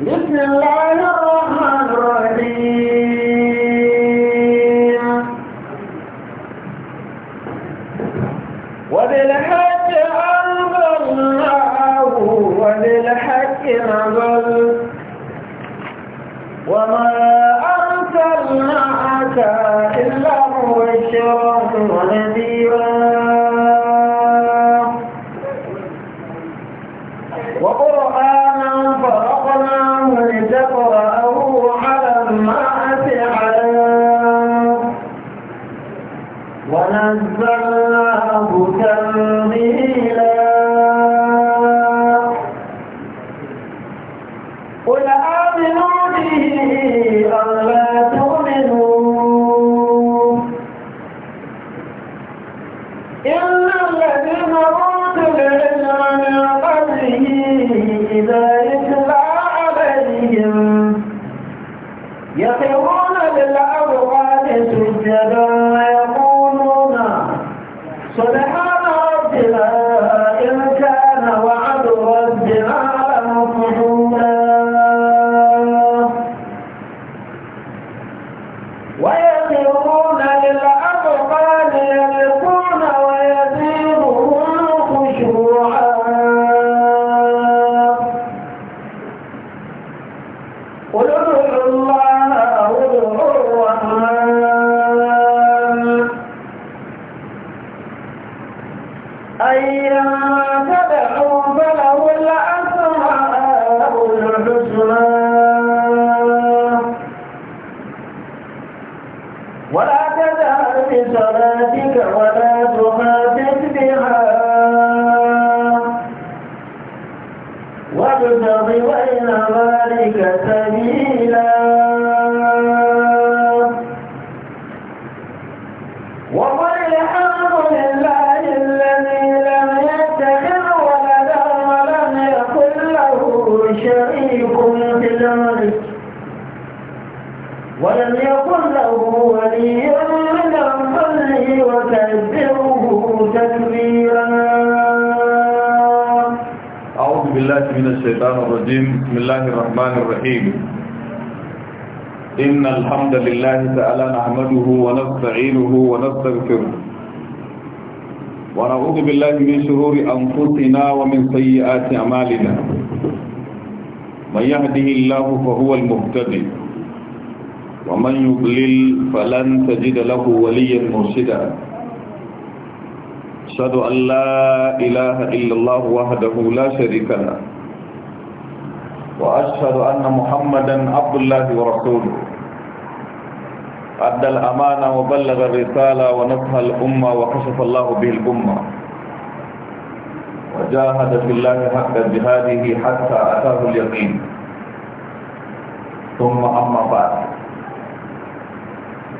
بسم الله الرحمن الرحيم إن الحمد لله تعالى نحمده ونستعينه ونستغفره ونعوذ بالله من شرور أنفسنا ومن سيئات أعمالنا من يهده الله فهو المهتدي ومن يضلل فلن تجد له وليا مرشدا أشهد أن لا إله إلا الله وحده لا شريك له وأشهد أن محمدا عبد الله ورسوله أدى الأمانة وبلغ الرسالة ونصح الأمة وكشف الله به الأمة وجاهد في الله حق جهاده حتى أتاه اليقين ثم أما بعد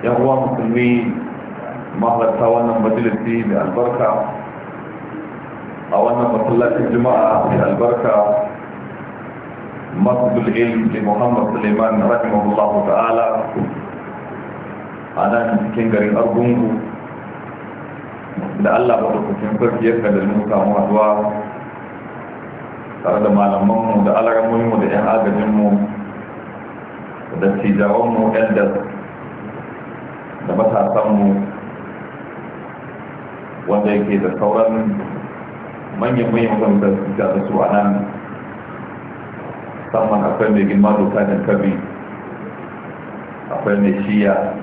يا هو مسلمين مهلا توانا مجلسي بألبركة أو أن مصلات الجماعة بألبركة مسجد العلم لمحمد سليمان رحمه الله تعالى أنا cikin garin argungu da Allah ba da kukin farki ya kada mu samu addu'a tare da malamanmu da alaramunmu da 'yan agajinmu da tijawanmu 'yan da matasanmu wanda yake da sauran manyan manyan wanda da su a nan musamman akwai mai girma doka da kabi akwai mai shiya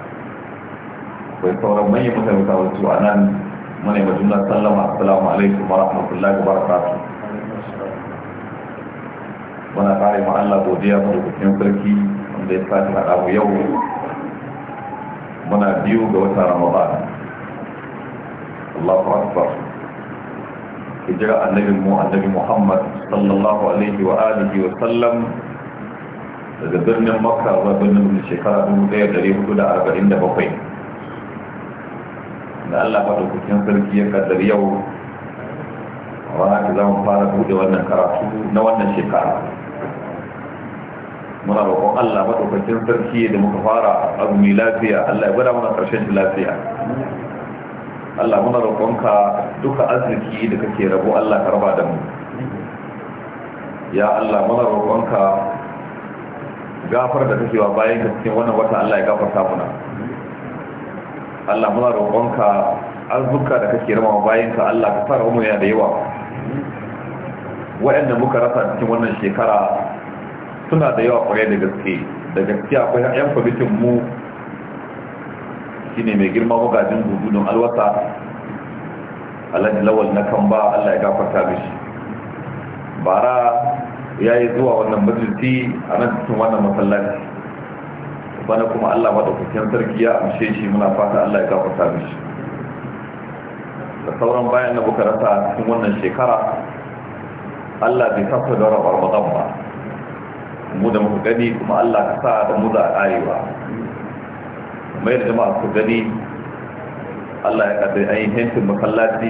akwai sauran manyan mutane ta wasu a nan muna yi juna sallama assalamu alaikum wa rahmatullahi wa barakatu muna kare ma Allah godiya mu da sarki wanda ya sake haɗa mu yau muna biyu ga wata ramadan Allahu akbar jira annabi mu annabi Muhammad sallallahu alaihi wa alihi wa sallam daga birnin makka zuwa birnin shekara 1447 da Allah maɗaukakin sarki ya kaddar yau rana ta zama fara bude wannan karatu na wannan shekara muna roƙon Allah maɗaukakin sarki da muka fara azumi lafiya Allah ya gwada mana ƙarshen shi lafiya Allah muna roƙonka duka arziki da kake rabo Allah ka raba da mu ya Allah mana roƙonka gafar da kake wa bayan ka cikin wannan wata Allah ya gafarta muna Allah mana roƙonka arzuka da kake rama wa bayan ka Allah ka fara mu yana da yawa wa'anda muka rasa cikin wannan shekara suna da yawa kwarai da gaske da gaskiya akwai yan kwamitin mu shine mai girma magajin gudunun alwata alhaji lawal na kan ba Allah ya gafarta mishi bara ya yi zuwa wannan majalisi a nan cikin wannan masallaci bana kuma Allah madaukakin sarki ya amshe shi muna fata Allah ya gafarta mishi da sauran bayan da muka rasa cikin wannan shekara Allah bai kafa da rabar madan ba mu da muka gani kuma Allah ka sa da mu za a arewa mai da jama'a ku gani Allah ya kaddai ainihin masallaci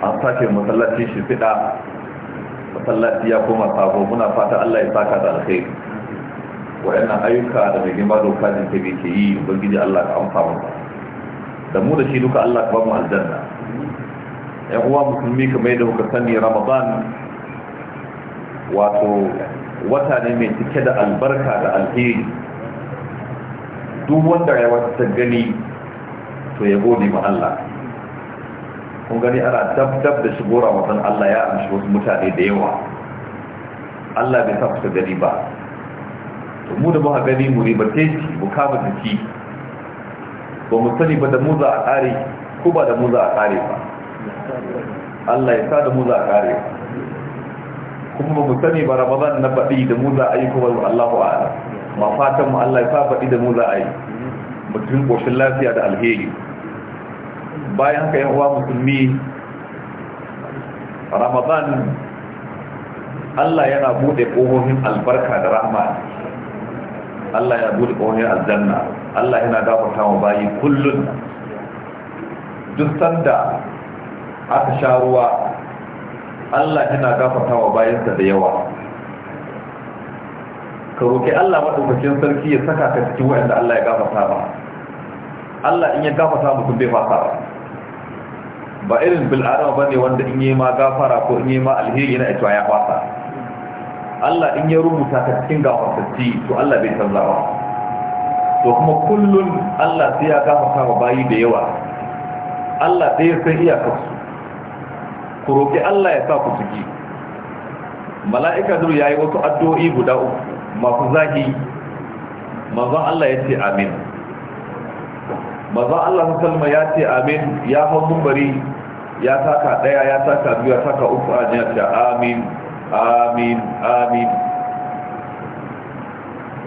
an sace masallaci shi fida masallaci ya koma sabo muna fata Allah ya saka da alkhairi wayannan ayyuka da mai gima doka da ke ke yi ubangiji Allah ka amsa mu da mu da shi duka Allah ka ba mu aljanna yan uwa musulmi kamar da kuka sani Ramadan wato wata ne mai cike da albarka da alheri duk wanda rayuwa ta gani to ya gode ma Allah kun gani ana dab-dab da shigo ramadan Allah ya amshi wasu mutane da yawa Allah bai tafasa gani ba to mu da muka gani mu ribace shi mu kama da shi. ba mu sani ba da mu za a kare ko ba da mu za a kare ba Allah ya sa da mu za a kare kuma ba mu sani ba ramadan na baɗi da mu za a yi kuma Allahu a'ala ma fatan mu Allah ya sa baɗi da mu za a yi mutum koshin lafiya da alheri bayan haka yan uwa musulmi ramadan Allah yana bude ƙohohin albarka da rahama Allah yana bude ƙohohin aljanna Allah yana gafarta wa bayi kullun duk sanda aka sha ruwa Allah yana gafarta wa bayinsa da yawa ka roƙi Allah maɗaukakin sarki ya saka ka cikin wa'anda Allah ya gafarta ba Allah in ya gafarta mutum bai fasa ba ba irin bil'adama ba ne wanda in yi ma gafara ko in yi ma alheri na ita ya Allah in ya rubuta ta cikin gafartacci to Allah bai canza ba to kuma kullun Allah sai ya gafarta wa bayi da yawa Allah sai ya san ku roƙi Allah ya sa ku ciki mala'ika zuru yayi wasu addu'o'i guda uku masu zahi manzon Allah ya ce amin maza Allah sallama ya ce amin ya hau mumbari ya taka daya ya taka biyu ya taka uku a jiyar da amin amin amin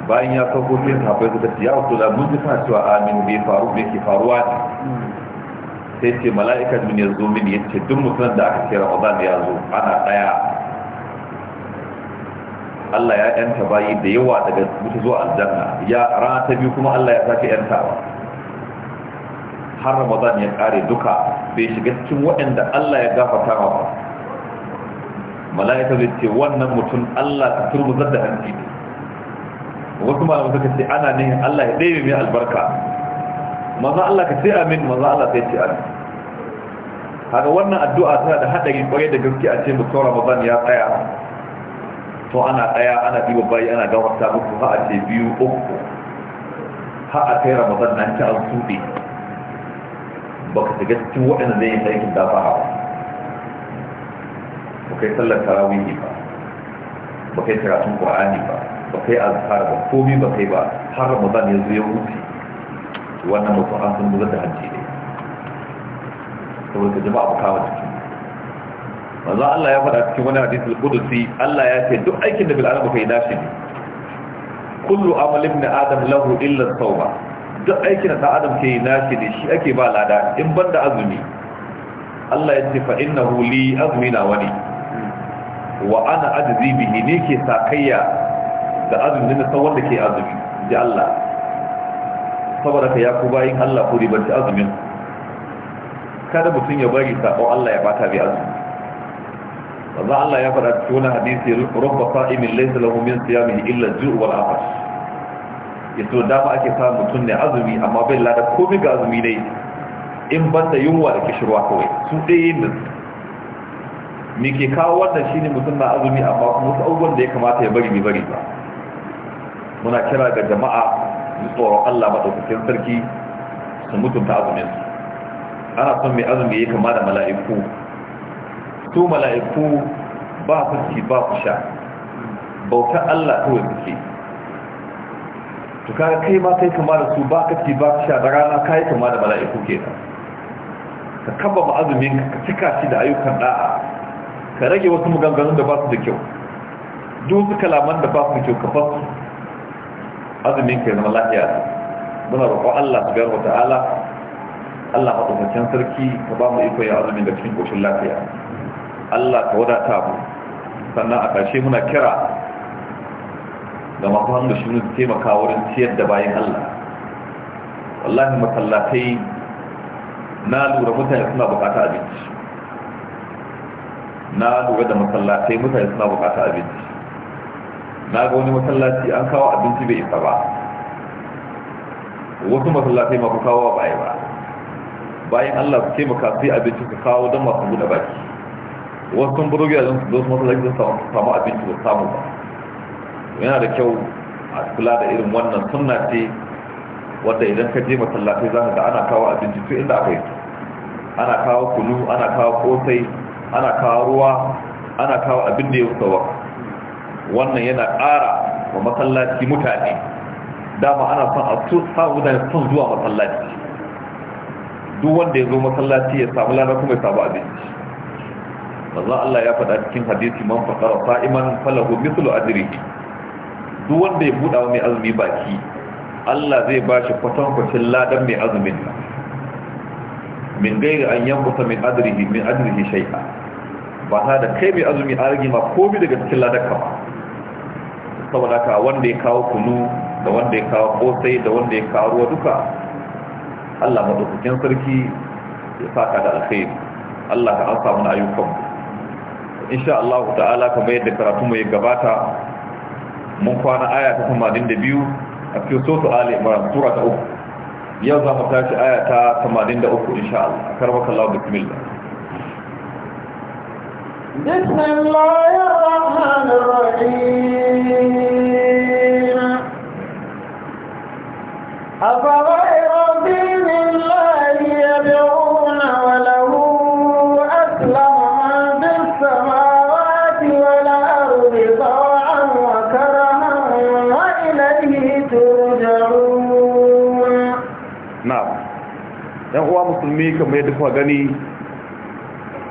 bayan ya sauko sai sahabbai suka ce ya rasu da mun ji kana cewa amin bai faru bai ke faruwa ne sai ce mala'ikan min ya zo min ya ce duk mutum da aka ce ramadan ya zo ana daya Allah ya yanta bayi da yawa daga mutu zuwa aljanna ya rana ta biyu kuma Allah ya sake yantawa har ramadan ya kare duka bai shiga cikin waɗanda Allah ya gafarta masa ba mala'ika zai ce wannan mutum Allah ta turbuzar da hanci ne wasu malamai suka ce ana ne Allah ya ɗaya mai albarka maza Allah ka ce amin maza Allah sai ce amin haka wannan addu'a tana da haɗari ƙwarai da gaske a ce mutum ramadan ya tsaya to ana ɗaya ana biyu bayi ana gawarta muku ha a ce biyu uku ha a kai ramadan nan ta an suɗe ba ka shiga cikin waɗanda zai yi aikin dafa ba ba kai sallar tarawihi ba ba kai karatun ƙwa'ani ba ba kai azhar ba komi ba kai ba har ramadan ya zo wuce wannan mutum an sun buzar da hajji ne saboda jama'a ba kama cikin manzo Allah ya faɗa cikin wani hadisi al-Qudsi Allah ya ce duk aikin da bil adam kai dashi ne kullu amal ibn adam lahu illa tawba duk aikin da adam ke yi nashi ne shi ake ba lada in banda azumi Allah ya ce fa innahu li azmina wani wa ana ajzi bihi ne ke sakayya da azumin da wanda ke azumi ji Allah saboda ka ya ku bayin Allah ku ribanci azumin kada mutum ya bari sabon Allah ya bata bi azumi wanda Allah ya fara cikin wani hadisi rubba sa'imin laysa lahu min siyamihi illa ju'u wal afash ya so dama ake samun mutum ne azumi amma bai lada komai ga azumi dai in banda yunwa da kishirwa kawai su ɗaya yin nan me ke kawo wannan shine mutum na azumi amma kuma wasu abubuwan da ya kamata ya bari bai bari ba muna kira ga jama'a su tsoron Allah maɗaukakin sarki su mutunta azumin su ana son mai azumi ya kama da mala'iku su mala'iku ba su ci ba su sha bautar Allah kawai suke to ka kai ma kai kama da su ba ka ci ba ka sha da rana ka yi kama da mala'iku ke ka kaba ma azumin ka cika shi da ayyukan da'a ka rage wasu maganganun da ba su da kyau duk su kalaman da ba su da kyau ka fasu azumin ka zama lafiya muna roƙo Allah subhanahu ta'ala. Allah madaukakin sarki ka ba mu iko ya azumin da cikin koshin lafiya Allah ka wadata mu sannan a ƙarshe muna kira da masu hannu shi su taimaka wurin ciyar da bayan Allah wallahi masallatai na lura mutane suna bukata abinci na lura da masallatai mutane suna bukata abinci na ga wani masallaci an kawo abinci bai isa ba wasu masallatai maku ku kawo baya ba bayan Allah su taimaka sai abinci su kawo don masu buɗe baki wasu sun buru gidajen su zo su masallaci su samu abinci ba samu ba yana da kyau a kula da irin wannan sunna ce wadda idan ka je masallatai za ka ga ana kawo abinci to inda aka yi ana kawo kunu ana kawo kosai ana kawo ruwa ana kawo abin da ya wuce wannan yana ƙara wa masallaci mutane dama ana son a samu mutane son zuwa masallaci duk wanda ya zo masallaci ya samu lana kuma ya samu abinci manzon Allah ya faɗa cikin hadisi man faqara sa'iman falahu mithlu ajrihi duk wanda ya buɗa mai azumi baki Allah zai ba shi kwatankwacin ladan mai azumin nan min gaira an yankuta min adrihi min adrihi shay'a ba ta da kai mai azumi rigima ma bi daga cikin ladan ka ba saboda ka wanda ya kawo kunu da wanda ya kawo kosai da wanda ya kawo ruwa duka Allah madaukakin sarki ya saka da alkhairi Allah ka an samu ayyukan insha Allah ta'ala kamar yadda karatu mai gabata mun kwana aya ta 82 a cikin sotu ali imran sura ta uku yau za mu tashi aya ta 83 insha Allah karbaka Allah bismillah بسم الله الرحمن dai kamar yadda kuka gani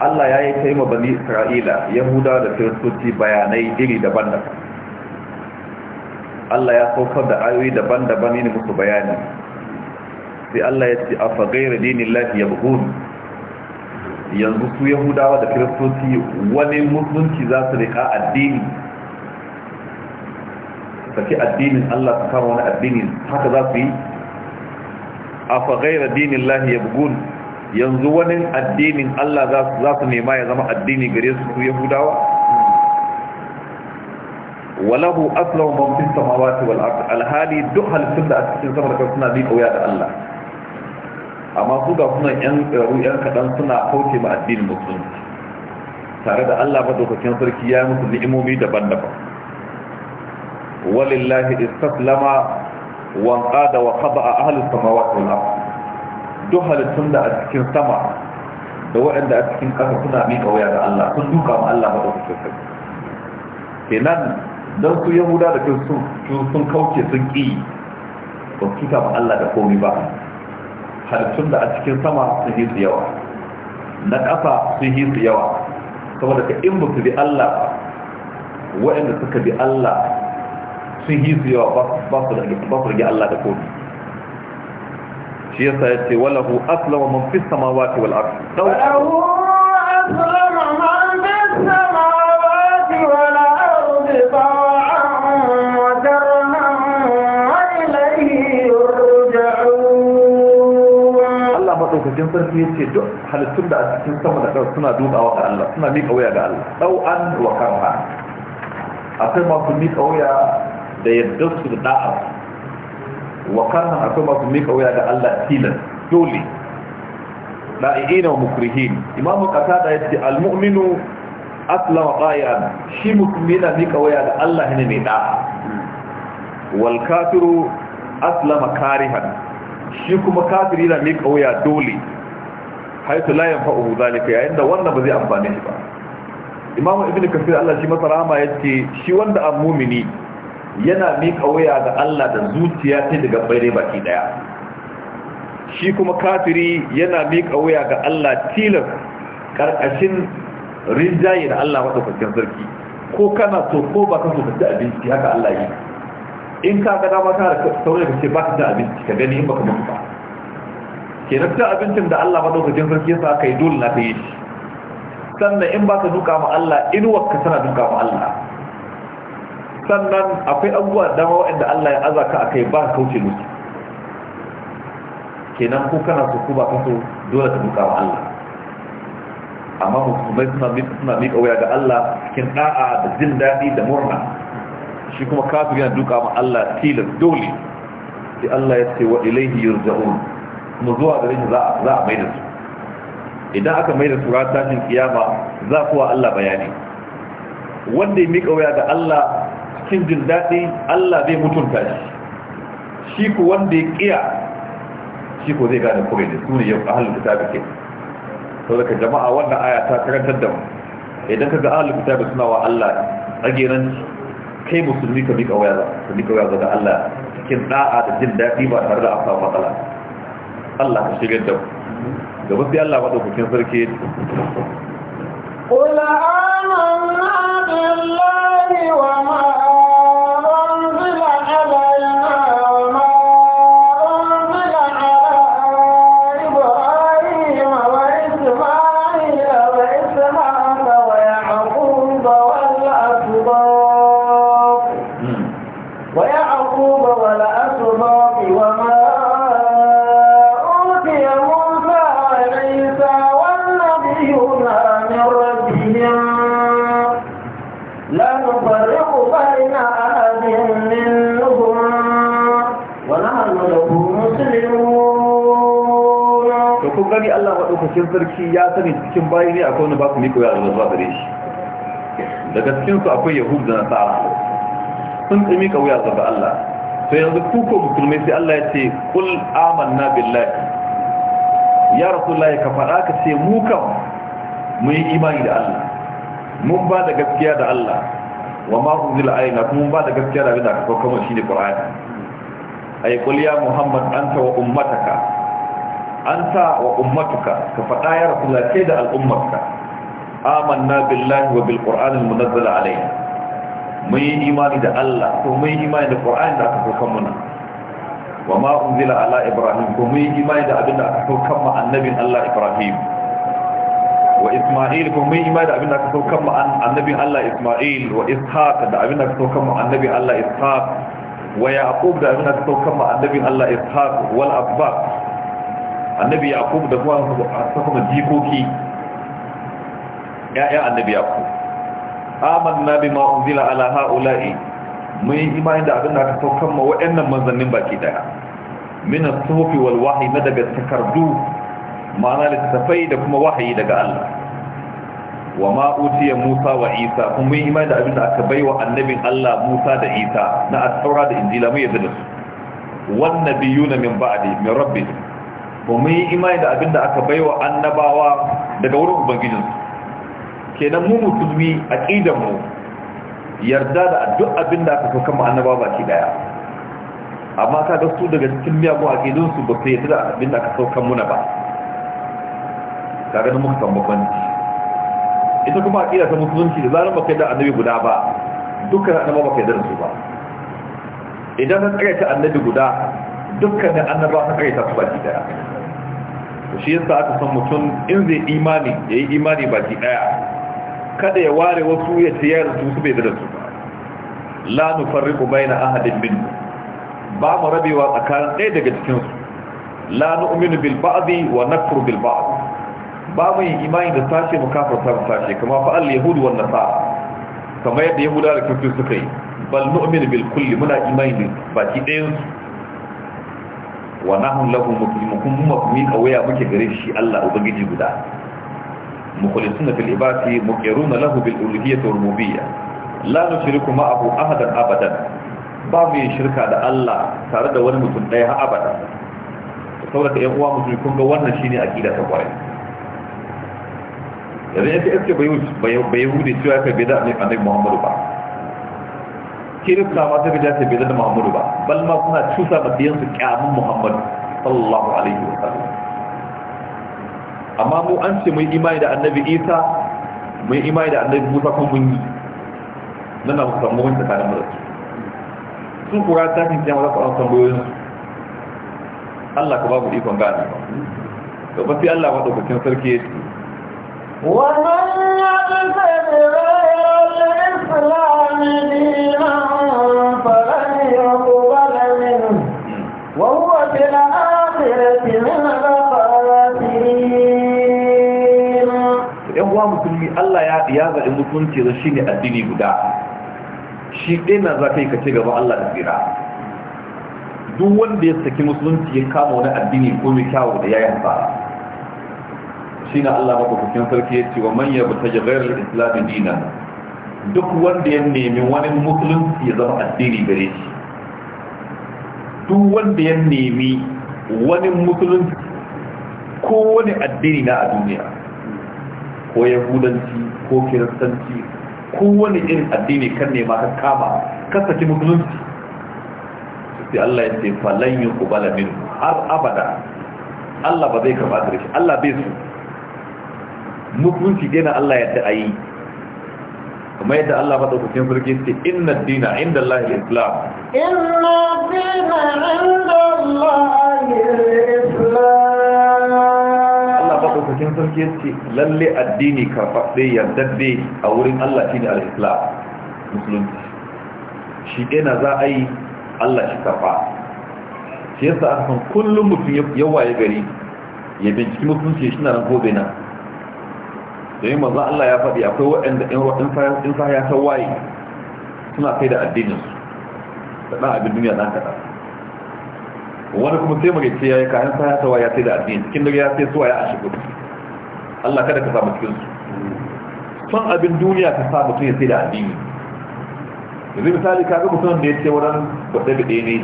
Allah ya yi taima bani Isra'ila Yahuda da Kiristoci bayanai iri daban-daban Allah ya saukar da ayoyi daban-daban ne musu bayani sai Allah ya ce afa gaira dinin lafi ya bugun yanzu su Yahudawa da Kiristoci wani musulunci za su rika addini saki addinin Allah su kama wani addini haka za su yi afa gaira dinin lafi ya bugun yanzu wani addinin Allah za su nema ya zama addini gare su yahudawa walahu aslahu man fi samawati wal ard alhali duk halittun da a cikin sama da kasa suna bi kauya da Allah amma su ga suna yan tsaro yan kadan suna kauce ma addinin musulunci tare da Allah madaukakin sarki ya musu ni'imomi daban-daban walillahi istaslama wa qada wa qada ahlus samawati wal ard duk halittun da a cikin sama da waɗanda a cikin ƙasa suna miƙa waya da Allah sun duka ma Allah maɗaukacin ke nan don su yahuda da sun kauce sun ƙi ba su kika ma Allah da komi ba halittun da a cikin sama sun yi su yawa na ƙasa sun yi su yawa saboda ka in ba su bi Allah waɗanda suka bi Allah sun yi su yawa ba su rage Allah da komi شيء سيأتي وله أسلم من في السماوات والأرض وله أسلم من في السماوات والأرض طاعا وترما وإليه يرجعون الله مطلوك جنسر فيه شيء جو حال السنة أسكين سمع دكرة سنة دوب أوقع الله سنة ميك أويا قال الله أو أن وكرها أسمع سنة ميك أويا دي يدرس في الدعوة wa kana akwai masu mika waya ga Allah tilan dole da'iina wa mukrihin imamu qatada yace almu'minu asla wa qa'iran shi mu'mina mika waya ga Allah ne mai da'a wal kafiru aslama karihan shi kuma kafiri na mika waya dole haitu la yanfa'u zalika yayin da wannan ba zai amfane shi ba imamu ibnu kafir Allah shi masa rahama yace shi wanda an mu'mini yana miƙa waya ga Allah da zuciya ta daga bare baki daya shi kuma kafiri yana miƙa waya ga Allah tilas karkashin rinjaye da Allah madaukakin sarki ko kana so ko ba ka so ka ci abinci haka Allah yi in ka ga dama ka saurayi ka ce ba ka ci abinci ka gani in baka mutu ba kenan ci abincin da Allah madaukakin sarki ya sa kai dole na ka yi shi sannan in ba ka duka ma Allah inuwa ka tana duka ma Allah sannan akwai abubuwa dama waɗanda Allah ya azaka a kai ba kauce musu kenan ko kana so ko ba ka so dole ka duka wa Allah amma musulmai suna miƙa wuya ga Allah cikin da'a da jin daɗi da murna shi kuma kafin yana duka ma Allah tilas dole sai Allah ya ce wa ilaihi yurja'un kuma zuwa gare shi za a mai da su idan aka mai da su ratashin kiyama za kuwa Allah bayani wanda ya miƙa wuya ga Allah cikin jin daɗi Allah zai mutunta shi shi ku wanda ya ƙiya shi ku zai gane kure ne su ne yau a halin kitabi ke sau daga jama'a wannan aya ta karantar da mu idan ka ga a halin kitabi suna wa Allah tsageranci kai musulmi ka miƙa waya ka miƙa waya da Allah cikin da'a da jin daɗi ba tare da a samu matsala Allah ka shigar da mu gaba sai Allah madaukakin sarki قل آمنا بالله وما cikin sarki ya sani cikin bayi ne akwai wani ba su miko zuwa gare shi daga cikinsu akwai yahud da nasa sun tsimi ka wuya ga Allah to yanzu kuka musulmai sai Allah ya ce kul amanna billahi ya rasulullahi ka faɗa ka ce mu kam mun yi imani da Allah mun ba da gaskiya da Allah wa ma unzila alaina kuma mun ba da gaskiya da abin da aka kawo kamar shine Qur'ani ay qul ya muhammad anta wa ummataka an sa wa ummatuka ka faɗa ya rasulullah sai da al'ummarka amanna billahi wa bil qur'anil munazzal alayhi mun yi imani da Allah ko mun yi imani da qur'ani da aka saukar muna wa ma unzila ala ibrahim ko mun yi imani da abin da aka saukar ma annabin Allah ibrahim wa isma'il ko mun yi imani da abin da aka saukar ma annabin Allah isma'il wa ishaq da abin da aka saukar ma annabin Allah ishaq wa yaqub da abin da aka saukar ma annabin Allah ishaq wal abbas annabi yaqub da kuma sa kuma jikoki ya'ya annabi yaqub amanna bima unzila ala haula'i mun yi imani da abin da aka saukar ma waɗannan manzannin baki daya min as-suhufi wal wahyi na daga takardu ma'ana littafai da kuma wahayi daga Allah wa ma utiya Musa wa Isa kun mun imani da abin da aka baiwa annabin Allah Musa da Isa na at-taura da injila mai yadda su wan nabiyuna min ba'di min rabbihim ba mun yi imani da abin da aka baiwa annabawa daga wurin ubangijin kenan mu a aqidan mu yarda da duk abin da aka so mu annabawa ba baki daya amma ka ga su daga cikin miyagun aqidun su ba su da abin da aka sauka muna ba kaga nan muka samu banci ita kuma a aqida ta musulunci da zaran baka da annabi guda ba dukkan annabawa baka yarda da su ba idan ka tsare ta annabi guda dukkan annabawa ka tsare ta su ba baki daya shi yasa aka san mutum in zai imani ya yi imani baki daya kada ya ware wasu ya tiyar su su bai da su la nufarriqu baina ahadin min ba mu rabewa tsakanin ɗaya daga cikin su la nu'minu bil ba'di wa nakfuru bil ba'd ba mu yi imani da sashe mu kafarta mu sashe kama fa al yahud wa nasara kamar yadda yahudawa da kafir suka yi bal nu'minu bil kulli muna imani baki ɗayan su wa nahum lahu muslimun kun mu ku mika waya muke gare shi Allah ubangiji guda mukhlisuna fil ibati muqiruna lahu bil uluhiyyati wal rububiyyah la nushriku ma'ahu ahadan abadan ba mu yin shirka da Allah tare da wani mutum ɗaya har abada saboda ƴan uwa mutum kun ga wannan shine aqida ta kwarai yanzu yadda iske bai yahudi cewa ka bida ne annabi muhammadu ba kirista ma ta ka ja ta bida da muhammadu ba bal ma suna cusa mabiyan su kyamun Muhammadu sallallahu alaihi wa sallam amma mu an ce mai imani da annabi isa mai imani da annabi musa kan mun yi nan na musamman wani tsakanin mu da su sun kura ta kin kiyama za su an tambayoyin su Allah ka babu ikon gane ba to ba sai Allah madaukakin sarki ya ce wa man yaqdir ghayra al-islam yan uwa musulmi Allah ya ya zaɓi mutunci da shi ne addini guda shi ɗaya na za ka yi kace gaba Allah da tsira duk wanda ya saki musulunci ya kama wani addini ko mai kyawu da yayin ba shi na Allah makwakwakin sarki ya ce wa manyan ba ta jagayar Islami dinan duk wanda ya nemi wani musulunci ya zama addini gare shi duk wanda ya nemi wani musulunci ko wani addini na a duniya ko yahudanci ko kiristanci ko wani irin addini kan nema, ka kama ka saki musulunci sai Allah ya ce falan yuqbala min har abada Allah ba zai karba shi Allah bai su musulunci dai Allah ya ta yi kuma yadda Allah ba daukakin sarki ce inna dina inda Allah al-islam inna dina inda Allah Allah ba ɗaukakin sarki ya ce lalle addini karfaɗe yardadde a wurin Allah shi ne al'islam musulunci shi na za a yi Allah shi kafa shi yasa a kan kullum mutum yawa ya gari ya binciki musulunci shi na nan gobe na domin maza Allah ya faɗi akwai waɗanda in sa ya ta waye suna kai da su da ɗan abin duniya ɗan kaɗan wani kuma sai ce ya yi kayan sa ya tawa ya sai da addini cikin dare ya sai suwa ya ashe kudu Allah kada ka samu cikin su son abin duniya ka sa mutum ya sai da addini yanzu misali kaga mutum da ya ce wurin baɗe baɗe ne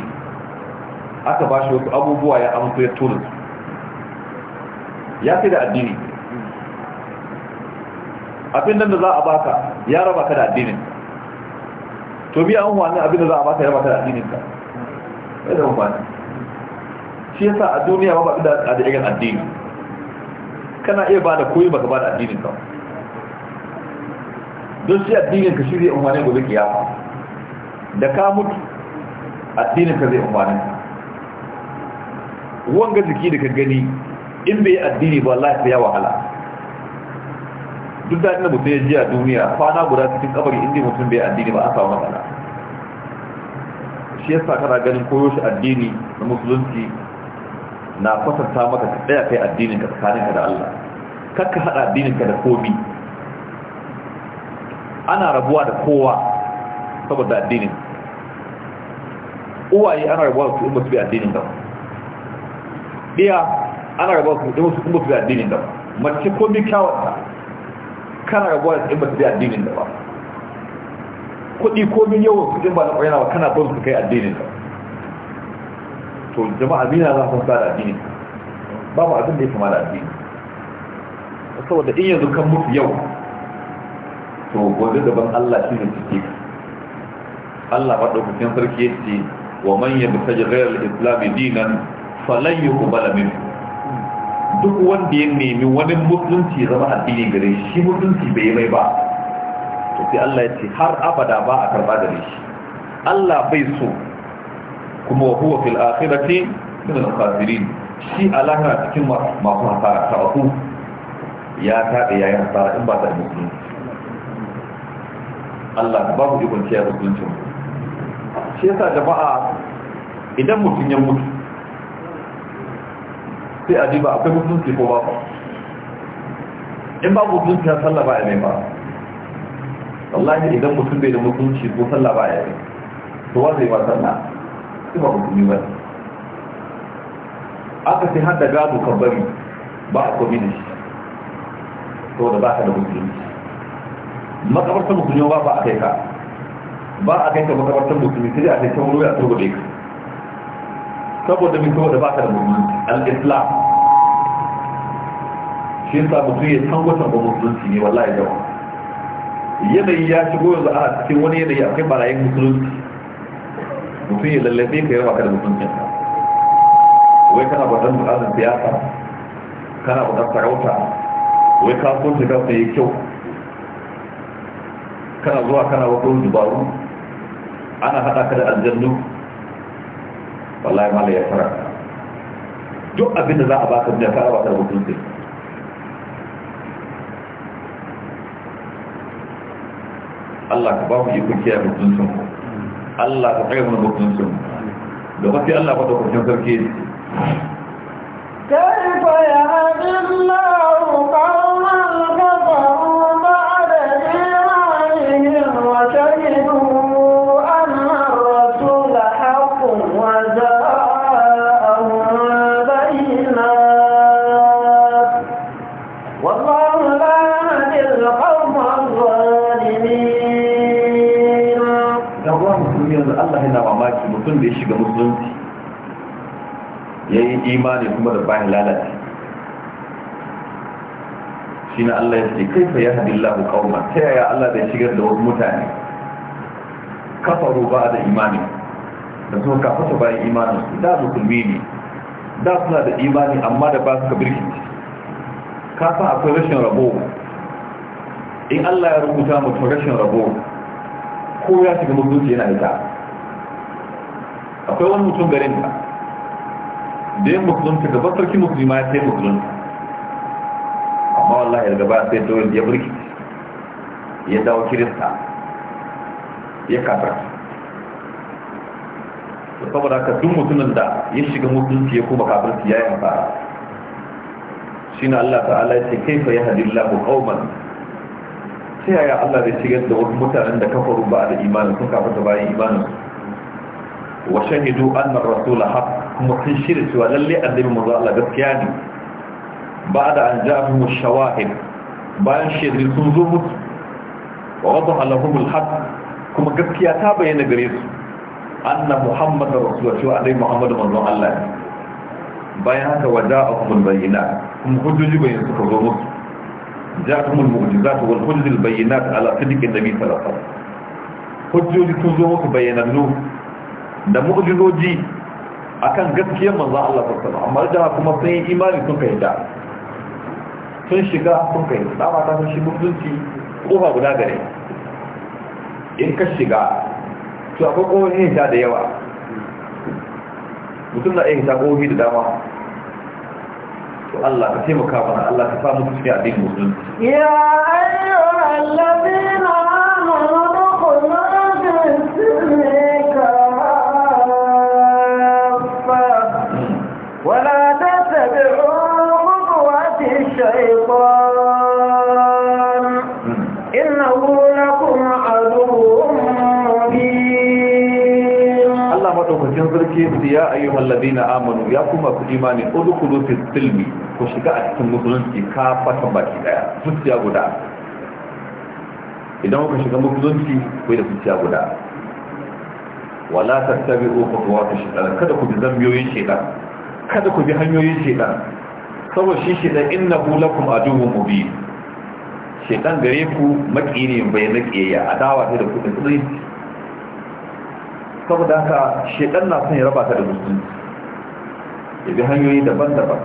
aka ba shi wasu abubuwa ya amsa ya tura su. ya sai da addini abin nan da za a baka ya raba ka da addinin to biya an ne abin da za a baka ya raba ka da addinin ka ya da amfani shi yasa a duniya ba ba da da irin addini kana iya ba da koyi baka ba da addinin ka don shi addinin ka shirya umarni gobe kiyama da ka mutu addinin ka zai umarni wanga jiki da ka gani in bai addini ba lafi ya wahala duk da mutum ya ji a duniya kwana guda cikin kabari inda mutum bai addini ba a samu matsala shi yasa kana ganin koyo shi addini na musulunci na kwatanta maka ka tsaya kai addininka tsakaninka da Allah kakka hada addininka da komi ana rabuwa da kowa saboda addinin uwaye ana rabuwa da su in ba su bi addinin ba iya ana rabuwa da su in ba su bi addinin ba mace komi kyawanta kana rabuwa da su in ba su bi addinin ba kuɗi komi yawon su in ba na ƙwayana ba kana bin su kai addinin da to jama'a bina za su sa da addini babu abin da ya kama da addini saboda in yanzu kan mutu yau to gobe gaban Allah shi ne cike Allah ba ɗaukakin sarki ya ce wa man yabtaji ghayra al-islam dinan falan yuqbala minhu duk wanda ya nemi wani mutunci zama addini gare shi mutunci bai yi mai ba to sai Allah ya ce har abada ba a karba gare shi Allah bai so kuma wa huwa fil akhirati min al khasirin shi alaka cikin masu hasara ta uku ya da yayin hasara in ba ta musulmi Allah ba ku ikon ciyar musulunci shi yasa jama'a idan mutum ya mutu sai a diba akwai musulunci ko ku in ba musulunci ya sallah ba ya mai ba wallahi idan mutum bai da musulunci ko sallah ba ya mai to wa zai ba sallah su ba ba aka sai hada gado kan bari ba a komi da shi to da ba ka da musulmi musulmi ba ba a kai ka ba a kai ka makabartar musulmi sai a kai ta wuri a turbe ka saboda min saboda ba ka da musulmi al-islam shi yasa mutum ya san wata ba musulunci ne wallahi jama'a yanayi ya shigo yanzu a cikin wani yanayi akwai barayin musulunci mutum ya lallabe ka ka da mutuncin wai kana siyasa kana sarauta wai ka kun shiga ka yi kyau kana zuwa kana dubaru ana hada ka da aljannu wallahi mala ya fara duk abin da za a baka duniya ka ba ta mutunci Allah ka ba mu kuke a mutuncin ku Allah ka kai mana bukun da kwafi Allah ba ta kwafi sarki imani kuma da bayan lalata shi na Allah ya ce kai fa ya haɗi Allah ƙauma ta yaya Allah zai shigar da wasu mutane kafaru ba da imani da sun kafata bayan imani su da musulmi ne da suna da imani amma da ba su ka birkici kafa akwai rashin rabo in Allah ya rubuta mutum rashin rabo ko ya shiga mutunci yana ita akwai wani mutum garin ka da yin musulunci da basarki musulma ya sai musulunci amma wallahi daga baya sai dole ya burki ya dawo kirista ya kafar saboda ka duk mutumin da ya shiga musulunci ya kuma su ya yi hasara shi na Allah ta'ala ya ce fa ya hadin lahu ƙauman ta yaya Allah da shigar da wasu mutanen da kafaru ba da imanin sun kafa ta bayan imanin wa shahidu annar rasul haq kuma sun shirya cewa lalle annabi manzo Allah gaskiya ne ba da an ja'ahum shawahid bayan shaidu sun zo musu wa wadaha lahum al-haq kuma gaskiya ta bayyana gare su anna muhammadar rasul cewa annabi muhammadu manzo Allah ne bayan haka wada'ahum al-bayyinat kuma hujjoji bayyana suka zo musu جاءتهم المعجزات والحجج البينات على صدق النبي صلى الله عليه sun zo تزوك بينا النور da mu'jizoji akan gaskiyar manzon Allah sallallahu alaihi wasallam amma da kuma sai yi imani sun kai da sun shiga sun kai da ba ta sun shi mutunci ba guda gare in ka shiga to akwai kowar hita da yawa mutum na iya hita kofi da dama to Allah ka taimaka mana Allah ka samu cikin abin mutunci ya ayyuhal ladina amanu ya ayyuhal ladina amanu ya kuma ku imani udkhulu fi silmi ku shiga a cikin musulunci ka fata baki daya zuciya guda idan kuka shiga musulunci ku da zuciya guda wala tattabi'u khutuwat ash-shaytan kada ku bi zambiyoyin shaytan kada ku bi hanyoyin shaytan saboda shi shaytan innahu lakum aduwwun mubin shaytan gare ku makini bai nakiyaya adawa da ku da saboda haka shekan na son ya raba ta da musulunci ya bi hanyoyi daban-daban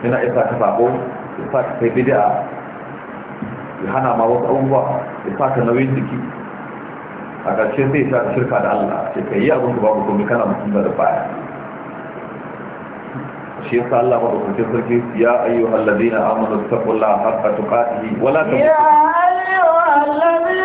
yana isa ta sabo ya sa ta kai bid'a ya hana ma wasu abubuwa ya sa ta nauyin jiki a ƙarshe sai ya sa shirka da Allah ce ka yi abin da babu komai kana musulunta da baya shi yasa Allah madaukakin sarki ya ayyuhal ladina amanu taqullaha haqqa tuqatih wala tamutunna ya ayyuhal ladina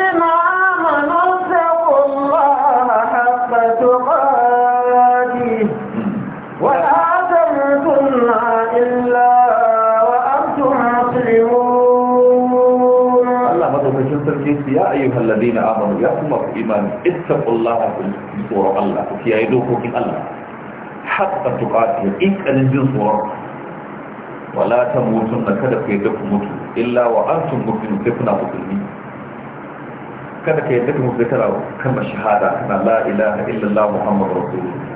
ladina amanu ya kuma ku imani ittaqullaha ku tsoron Allah ku kiyaye dokokin Allah hatta tuqati ikanin jin tsoron wala tamutunna kada ku yadda ku mutu illa wa antum mu'minun sai kuna musulmi kada ka yadda kuma zikara kalmar shahada kana la ilaha illallah muhammadu rasulullah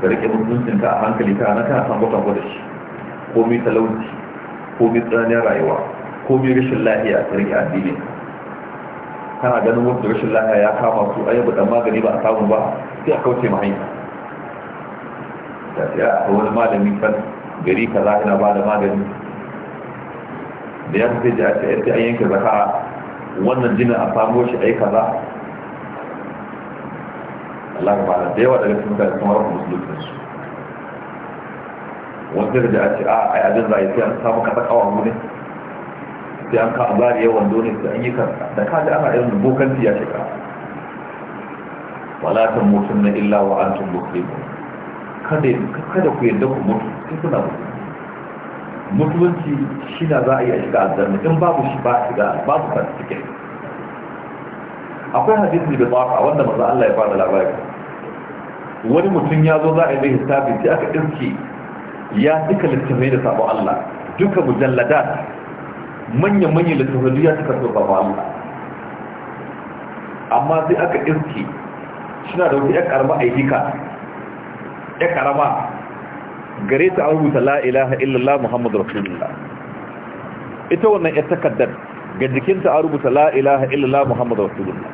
da rike mutuncin ta a hankali ta na kana samu kafo da shi ko mai talauci ko mai tsananin rayuwa ko mai rashin lafiya ta rike addinin kana ganin wanda rashin lahiya ya kama su ayyabu dan magani ba a samu ba sai a kauce ma hanya da sai a wani malami kan gari kaza ina ba da magani da ya fi ji a ce sai an yanke zaka wannan jinin a samo shi a yi kaza Allah ya bada da yawa daga cikin mutane sun rabu musulunci su wanda da a ce a ai abin zai sai an samu kasa kawan mu ne sai an ka abari yawan dole sai an yi karka da ka da ana irin bokanci ya shiga wala ta mutum na illa wa an tun muslimu kada kada ku yadda ku mutu sai kuna mutu mutuwanci shi na za a yi a shiga aljanna in babu shi ba shiga babu certificate akwai hadisi da baka wanda maza Allah ya bada labari wani mutum ya zo za a yi mai hisabi sai aka ɗauki ya duka littafai da sabon Allah duka mujalladat manya manya da duk ya suka so ba Allah amma sai aka irki suna da wata 'yan karama aidika 'yan gare ta an rubuta la'ilaha illallah muhammadu rasulullah ita wannan 'yan takaddar ga jikinta an rubuta la'ilaha illallah muhammadu rasulullah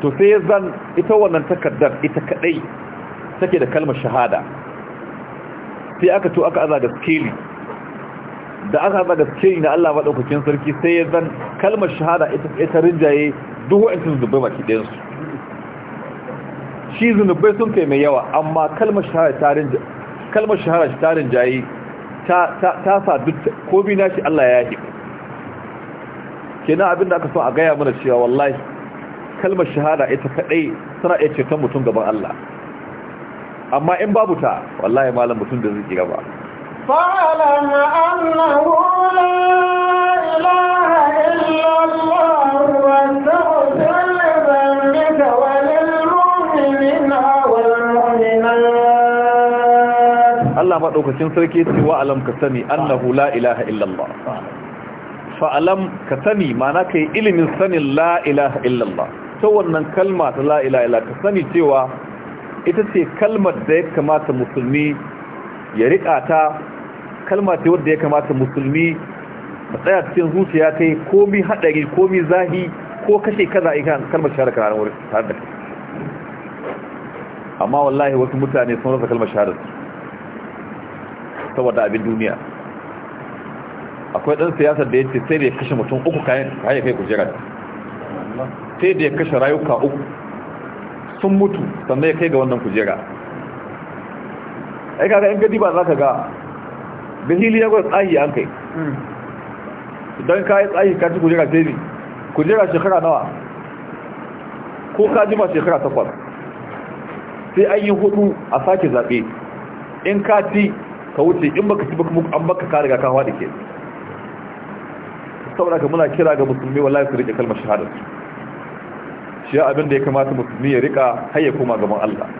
to sai ya zan ita wannan takaddar ita kadai take da kalmar shahada sai aka to aka aza da skeli da aka haɗa da kiri na Allah maɗaukakin sarki sai ya zan kalmar shahada ita rinjaye duk wa'ancin zunubai baki ɗayansu shi zunubai sun kai mai yawa amma kalmar shahada ta rinjaye ta sa duk bi na shi Allah ya yi kenan abinda aka so a gaya mana cewa wallahi kalmar shahada ita kaɗai tana iya ceton mutum gaban Allah amma in babu ta wallahi malam mutum da zai gaba فاعلم maɗaukacin sarki ce wa alam ka sani annahu la ilaha illallah fa'alam ka sani mana kai ilimin sanin la ilaha illallah ta wannan kalma ta la ilaha illallah ka sani cewa ita ce kalmar da ya kamata musulmi ya rika ta kalma ce wadda ya kamata musulmi a tsaya cikin zuciya ta yi komi haɗari komi zahi ko kashe kaza a kan kalmar shahararka a ranar tare da amma wallahi wasu mutane sun rasa kalmar shahada saboda abin duniya akwai ɗan siyasar da ya ce sai da ya kashe mutum uku kayan kayan kai kujera sai da ya kashe rayuka uku sun mutu sannan ya kai ga wannan kujera ai kaga in gadi ba za ka ga dalili ya gwada tsahi an kai hmm. don ka yi tsahi ka ci kujera sai ne kujera shekara nawa ko ka ji ba shekara takwas sai an yi hudu a sake zaɓe in ka ci ka wuce in baka ci baka an baka ka riga kawo da ke saboda ka muna kira ga musulmi wallahi su rike kalmar shahadar shi abin da ya kamata musulmi ya rika har ya koma gaban Allah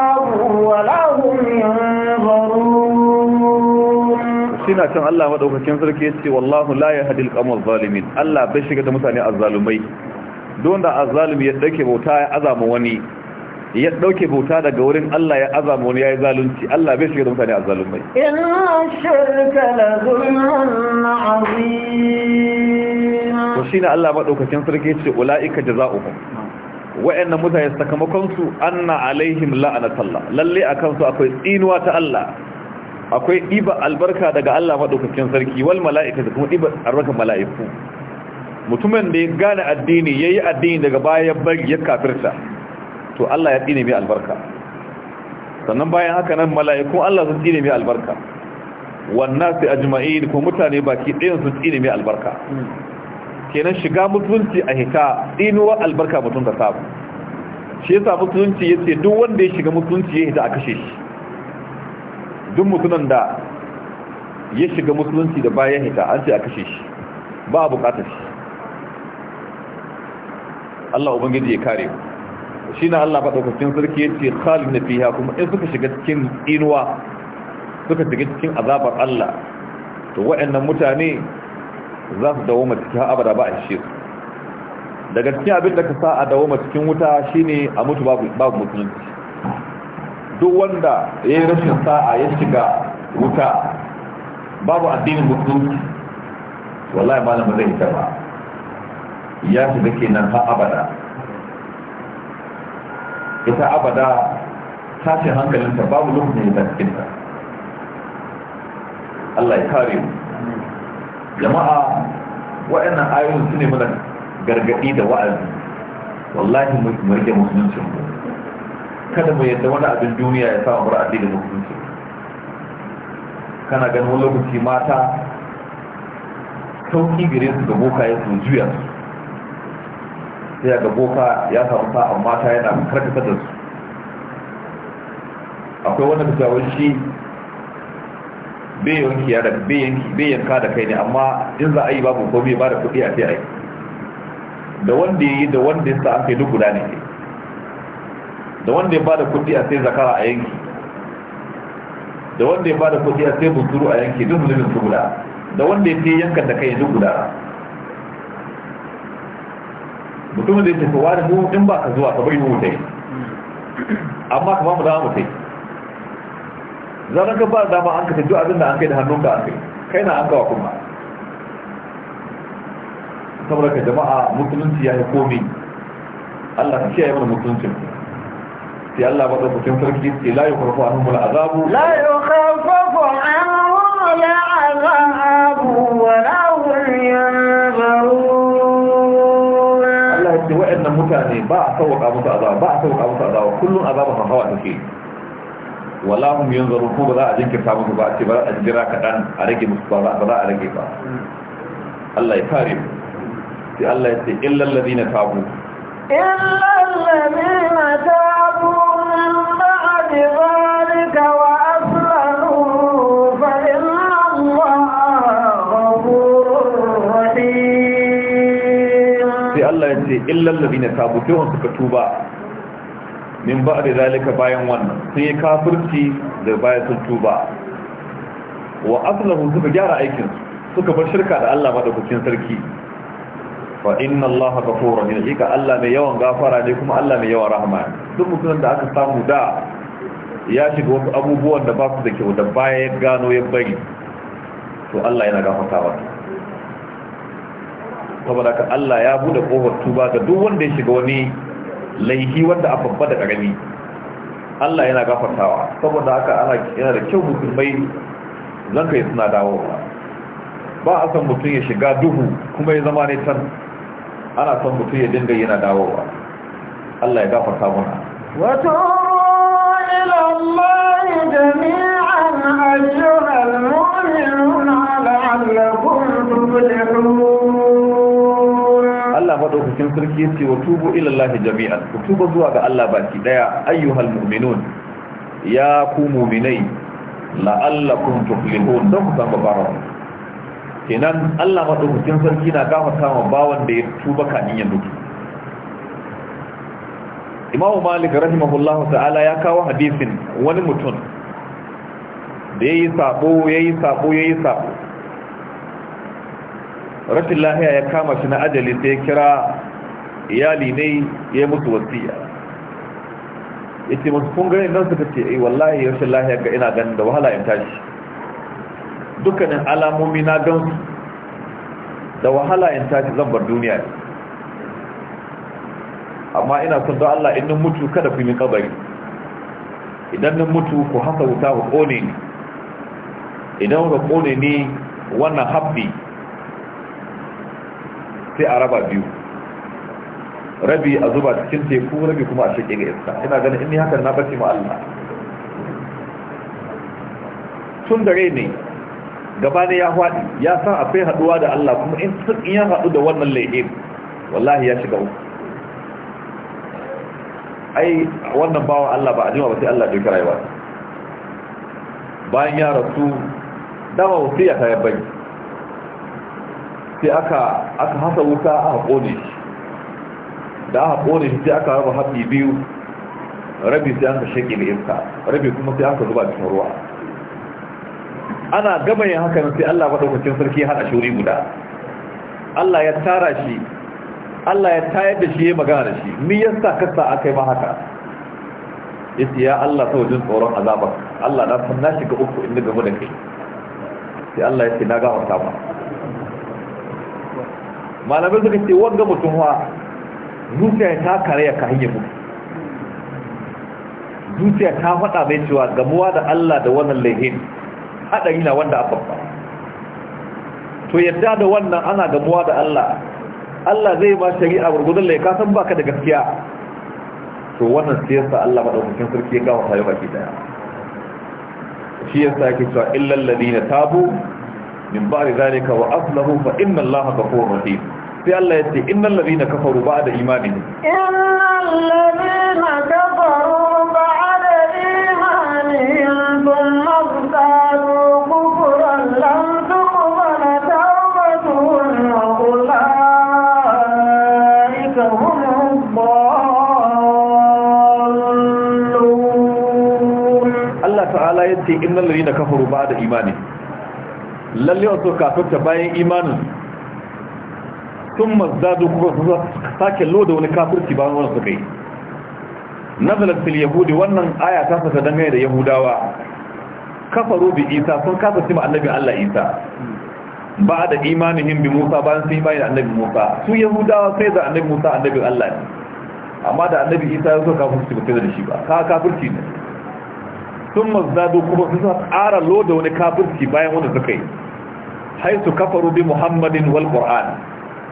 ولا هم ينظرون sina can Allah madaukakin sarki ya ce wallahu la yahdil qawmal zalimin Allah bai shiga da mutane azzalumai don da azzalumi ya dauke bauta ya azama wani ya dauke bauta daga wurin Allah ya azama wani ya yi zalunci Allah bai shiga da mutane azzalumai Ina shirka la zulmun azim shi ne Allah madaukakin sarki ya yace ulaika jazaohum wa'annan mutane sakamakon su anna alaihim la'anatullah lalle akan su akwai tsinuwa ta Allah akwai ɗiba albarka daga Allah madaukakin sarki wal mala'ika da kuma ɗiba albarkar mala'iku mutumin da ya gane addini yayi addini daga baya bari ya kafirta to Allah ya tsine mai albarka sannan bayan haka nan mala'iku Allah sun tsine mai albarka wannan sai ajma'in ko mutane baki ɗayan sun tsine mai albarka kenan shiga mutunci a hita inuwar albarka mutum ka samu shi yasa mutunci yace duk wanda ya shiga mutunci ya hita a kashe shi duk mutumin da ya shiga mutunci da bayan hita an ce a kashe shi ba a bukatar shi Allah ubangiji ya kare ku shi na Allah faɗaukacin sarki ya ce khalin na fiha kuma in suka shiga cikin inuwa suka shiga cikin azabar Allah to wa'annan mutane za su dawoma cikin abada ba a shi daga cikin abin da ka sa a dawoma cikin wuta shine a mutu babu musulunci duk wanda ya yi rashin sa'a ya shiga wuta babu addinin musulunci wallahi malam ba zai hita ba ya shiga kenan ha abada ita abada tashin hankalinta babu lokacin da ta cikinta Allah ya kare mu jama'a wa'annan ayoyin su ne mana gargaɗi da wa'azi wallahi mu rike musuluncin mu kada mu yadda wani abin duniya ya samu ra'adi da musulunci kana ganin wani lokaci mata sauki gare su ga boka ya su juya su sai ga boka ya samu amma ta yana karkatar da su akwai wanda ta bai da bai yanka da kai ne amma in za a yi babu ko ba da kudi a ce a yi da wanda ya yi da wanda ya sa an kai duk guda ne da wanda ya bada kudi a sai zakara a yanki da wanda ya bada kudi a sai bunturu a yanki duk zunubin su guda da wanda ya ce yankan da kai duk guda mutumin da ya tafi wani mu in ba ka zuwa ka bai mu mutai hmm. amma ka ba mu tafi. zanen ka ba dama an ka duk abin da an kai da hannun ka an kai kai na an kuma saboda ka jama'a musulunci ya yi komi Allah ka kiyaye mana mutunci sai Allah ba ɗaukacin sarki sai la yi kwarfa an mula azabu la yi kwarfa an mula azabu wa la wurin Allah ya ce wa'annan mutane ba a sauwaka musu azaba ba a sauwaka musu azaba kullum azaba hawa take wala hum yanzuru ko ba za a jinkirta musu ba a ce ba za a jira kaɗan a rage musu ba za a rage ba Allah ya kare mu sai Allah ya ce illal na tabu illal ladina tabu min ba'd zalika wa aslahu fa inna Allaha ghafurur rahim sai Allah ya ce illal na tabu sai wanda suka tuba min ba da zalika bayan wannan sun yi kafirci da bayan sun tuba wa aslahu suka gyara aikin suka bar shirka da Allah madaukakin sarki fa inna Allah ghafurun ka Allah mai yawan gafara ne kuma Allah mai yawan rahama duk mutumin da aka samu da ya shiga wasu abubuwan da ba su da kyau da baya ya gano ya bari to Allah yana gafartawa saboda ka Allah ya bude kofar tuba ga duk wanda ya shiga wani laifi wanda a babba da ƙarami Allah yana gafartawa saboda haka ana yana da kyau mai zanka ya suna dawo ba a san mutum ya shiga duhu kuma ya zama ne can ana son mutum ya dinga yana dawo Allah ya gafarta muna wato ila Allah jami'an ayyuhal mu'minuna la'allakum Allah madaukakin sarki yace wa tubu ila Allah jami'an ku tuba zuwa ga Allah baki daya ayyuhal mu'minun ya ku mu'minai la'allakum tuflihun don ku samu barawa kenan Allah madaukakin sarki na gafarta wa bawan da ya tuba kanin ya mutu Imam Malik rahimahullah ta'ala ya kawo hadisin wani mutum da yayi sabo yayi sabo yayi sabo rashin lahiya ya kama shi na ajali sai ya kira iyali ne ya musu wasiya ya ce masu kun gani nan suka ce eh wallahi rashin lahiya ga ina ganin da wahala in tashi dukkanin alamomi na gansu da wahala in tashi zan bar duniya ne amma ina son don Allah in mutu kada ku yi kabari idan nan mutu ku hasa wuta ku kone ni idan ku kone ni wannan habbi sai a raba biyu rabi a zuba cikin teku rabi kuma a shaƙe ga iska ina ganin in haka na bace ma Allah tun da rai ne gaba ne ya haɗi ya san akwai haɗuwa da Allah kuma in sun ya haɗu da wannan laifin wallahi ya shiga uku ai wannan bawa Allah ba a jima ba sai Allah ɗauki rayuwa bayan ya rasu dama wasiya ta yabbai sai aka aka hasa wuta aka kone shi da aka kone shi sai aka raba haɗi biyu rabi sai aka shaƙi da iska rabi kuma sai aka zuba cikin ruwa ana gama yin haka sai Allah ɗaukacin sarki hada haɗa shuri guda Allah ya tara shi Allah ya tayar da shi ya magana da shi me yasa kasa yi ma haka yace ya Allah jin tsoron azabar Allah na san na shiga uku in ga da kai sai Allah ya ce na ga wata ba malamai suka ce wanga mutum wa zuciya ta karaya ka hanyar mutu zuciya ta faɗa mai cewa gamuwa da Allah da wannan laihin haɗari na wanda a fa to yadda da wannan ana gamuwa da Allah Allah zai ba shari'a gurgudun laika kasan baka da gaskiya to wannan siyasa Allah madaukakin sarki ya gawa sayo baki daya shi sa yake cewa illal ladina tabu min ba'di zalika wa aslahu fa inna Allaha ghafurur rahim sai Allah ya ce innal ladina kafaru ba'da imani. innal ladina kafaru ba'da imanihim thumma zadu kufran lam tuqbala tawbatuhum wa ulaika humud dallun Allah ta'ala ya ce innal ladina kafaru ba'da imanihim lalle wato kafirta bayan imanin sun mazdadu kuma sake loda wani kafirci bayan wani suka yi nazalar fil yahudi wannan aya saka dangane da yahudawa kafaru bi isa sun kasa cima annabi allah isa ba da imanihim bi musa bayan sun imani da annabi musa su yahudawa sai da annabi musa annabi allah ne amma da annabi isa ya zo kafirci ba da shi ba ka kafirci ne sun mazdadu kuma sun sa ƙara loda wani bayan suka yi haisu kafaru bi muhammadin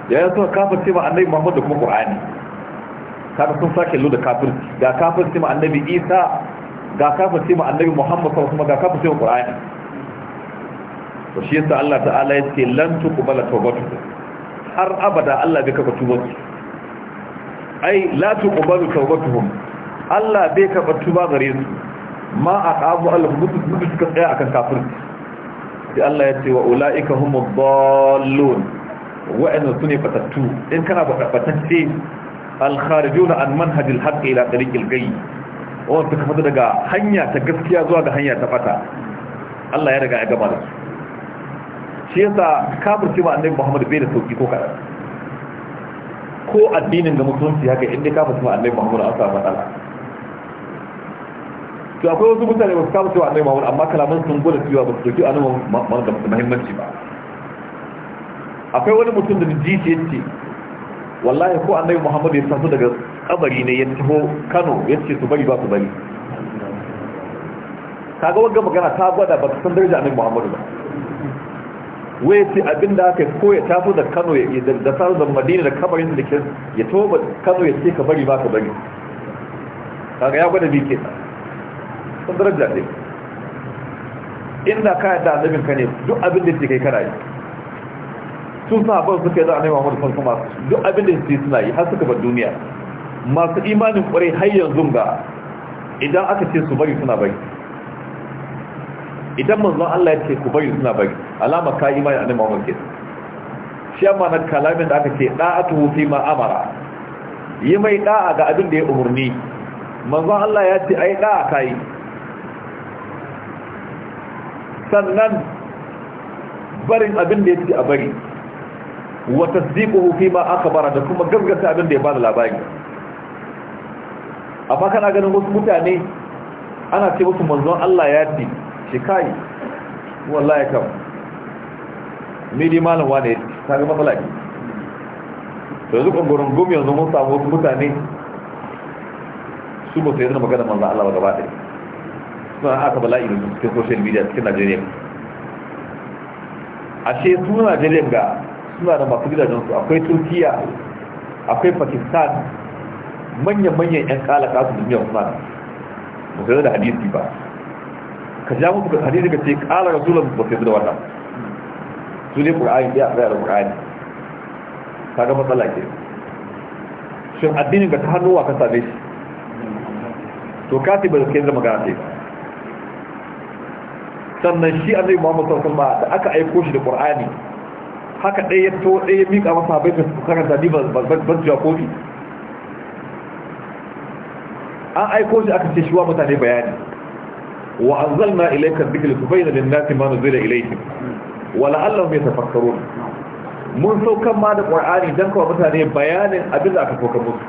yayin suka kafin cewa annabi Muhammadu da kuma Qur'ani kafin sun sake da kafin ga kafin cewa annabi Isa ga kafin cewa annabi Muhammad sau kuma ga kafin cewa Qur'ani ba shi yasa Allah ta'ala ya ce lan tuqbala tobatu har abada Allah bai kafa tubar su ai la tobatu hun Allah bai kafa tuba gare su ma a aqabu Allah mutu suka tsaya akan kafin, sai Allah ya ce wa ulaika humud dallun wa'annu su fatattu in kana al-kharijuna an manhajil haqq ila tariqil gayy wa suka fita daga hanya ta gaskiya zuwa ga hanya ta fata Allah ya riga ya gama da su shi yasa kafirci ba annabi Muhammad bai da sauki ko kada ko addinin da musulunci haka inda kafirci ba annabi Muhammad an samu matsala to akwai wasu mutane ba su kafirci ba annabi Muhammad amma kalaman sun gwada cewa ba su dauki annabi Muhammad da muhimmanci ba akwai wani mutum da ji ce yace wallahi ko annabi Muhammad ya tafi daga kabari ne ya taho Kano ce su bari ba su bari kaga wagga magana ta gwada ba san daraja annabi Muhammad ba waye ce abinda aka ko ya tafi da Kano ya da tsaro da Madina da kabarin da ke ya taho Kano ya ce ka bari ba ka bari kaga ya gwada bi ke san daraja ne inda ka yadda annabin ka ne duk abin da ke kai kana yi sun sahabar suka yi za a nema wani farko masu duk abin da su suna yi har suka bar duniya masu imanin kwarai har yanzu ga idan aka ce su bari suna bari idan manzon Allah ya ce ku bari suna bari alama ka imani a nema wani kesa shi amma na kalamin da aka ce da'atu fi ma amara yi mai da'a ga abin da ya umarni manzon Allah ya ce ai da'a kai sannan barin abin da ya ce a bari wa tasdiquhu fi ma akhbara da kuma gaggata abin da ya bada labari amma kana ganin wasu mutane ana ce musu manzon Allah ya ce shi kai wallahi kam ni dai malam wane ta ga matsala to yanzu gurin gumi yanzu mun samu wasu mutane su ba su yi magana manzon Allah ba gaba ɗaya suna aka bala'i da cikin social media cikin Najeriya ashe su Najeriya ga suna da masu gidajensu akwai turkiya akwai pakistan manya-manyan 'yan kalaka su duniya ba musulun da hadisi ba ka ja musu hadisi ka ce kala rasulun ba sai da wannan su ne kur'ani ɗaya a da kur'ani ta ga matsala ke shin addinin ka ta hannuwa ka same shi to ka ce ba da kai zama magana ce sannan shi annabi muhammad sallallahu alaihi wasallam da aka aiko shi da ƙura'ani haka ɗaya ya to ɗaya miƙa masa haɓe da su karanta ni ban jiwa kofi an aiko shi aka ce shiwa mutane bayani wa anzalna ilayka dhikra tubayyana lin-nasi ma nuzila ilayhim wa la'allahum yatafakkarun mun saukan ma da qur'ani don kawai mutane bayanin abin da aka sauka musu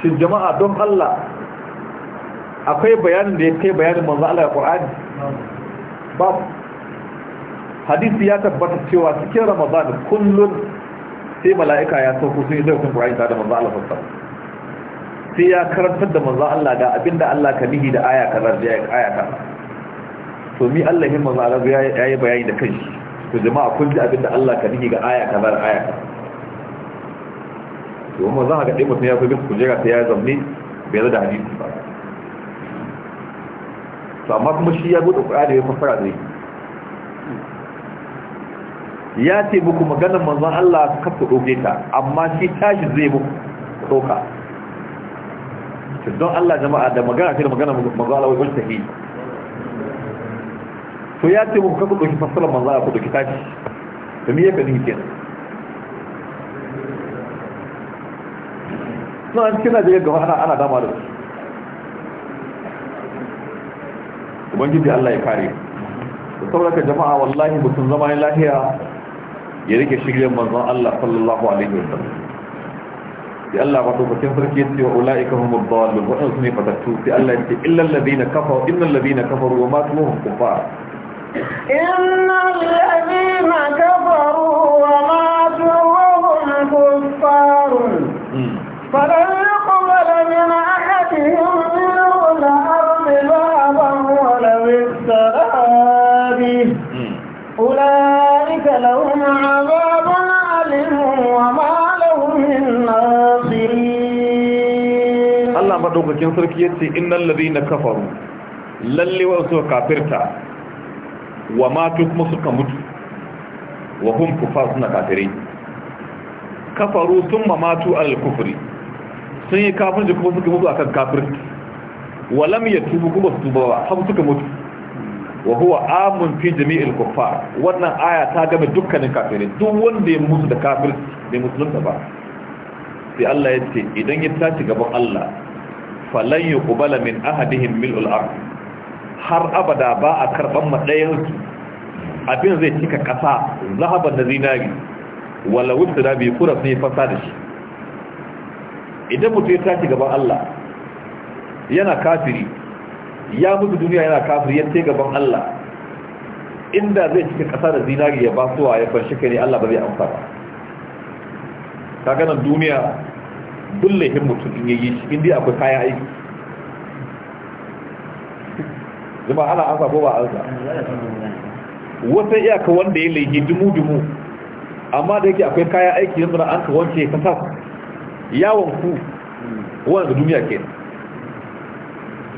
shin jama'a don Allah akwai bayanin da ya kai bayanin manzo Allah a qur'ani babu hadisi ya tabbata cewa cikin ramadan kullun sai mala'ika ya sauko sun yi zai kun ƙura'in da manzo Allah wasallam sai ya karantar da manzo Allah ga abinda Allah ka nihi da aya kanar da aya ka to mi Allah hin manzo Allah ya yi bayani da kai to jama'a kun ji abinda Allah ka nihi ga aya kanar aya ka to mun za ga dai mutum ya fi jira sai ya zamni bai da hadisi ba to amma kuma shi ya gudu ƙura'in da ya fassara da yake ya ce muku maganar manzon Allah ka ku doge ta amma shi tashi zai muku ɗauka don Allah jama'a da magana ce da magana manzon Allah wajen tahi to ya ce muku ka ku ɗauki fassarar manzon Allah ku doge tashi da me ya gani ke. na an cikin Najeriya gaba ana ana dama da su ubangiji Allah ya kare saboda ka jama'a wallahi mutum zama lahiya ya rike shiryen manzon Allah sallallahu alaihi wa sallam sai Allah ba tofacin sarki ya ce wa ula'ika humud dallun waɗansu ne fatattu sai Allah ya ce illal ladina kafaru innal ladina kafaru wa matuhum kufar innal ladina kafaru wa matuhum kufar falan madaukakin sarki ya ce innal ladina kafaru lalle wa su kafirta wa matu kuma suka mutu wa hum kufar suna kafirai kafaru sun matu al kufri sun yi kafin da kuma suka mutu a kan kafirci wa lam tubu kuma su tuba ba suka mutu wa huwa amun fi jami'il kuffar wannan aya ta game dukkanin kafirai duk wanda ya mutu da kafirci bai musulunta ba sai Allah ya ce idan ya tashi gaban Allah falan yuqbala min ahadihim mil'ul ard har abada ba a karban madayan abin zai cika kasa zahaban da zinari wala da bi kura sai fasa da shi idan mutum ya tashi gaban Allah yana kafiri ya mutu duniya yana kafiri ya ce gaban Allah inda zai cika kasa da zinari ya basuwa ya bar shi kai ne Allah ba zai amfana Ka ganin duniya dullahin mutum in yayi shi inda akwai kayan aiki zama ana an ko ba alza wata iyaka wanda ya laihi dumu-dumu amma da yake akwai kayan aiki yanzu na an ka wance ka sa yawon ku da duniya ke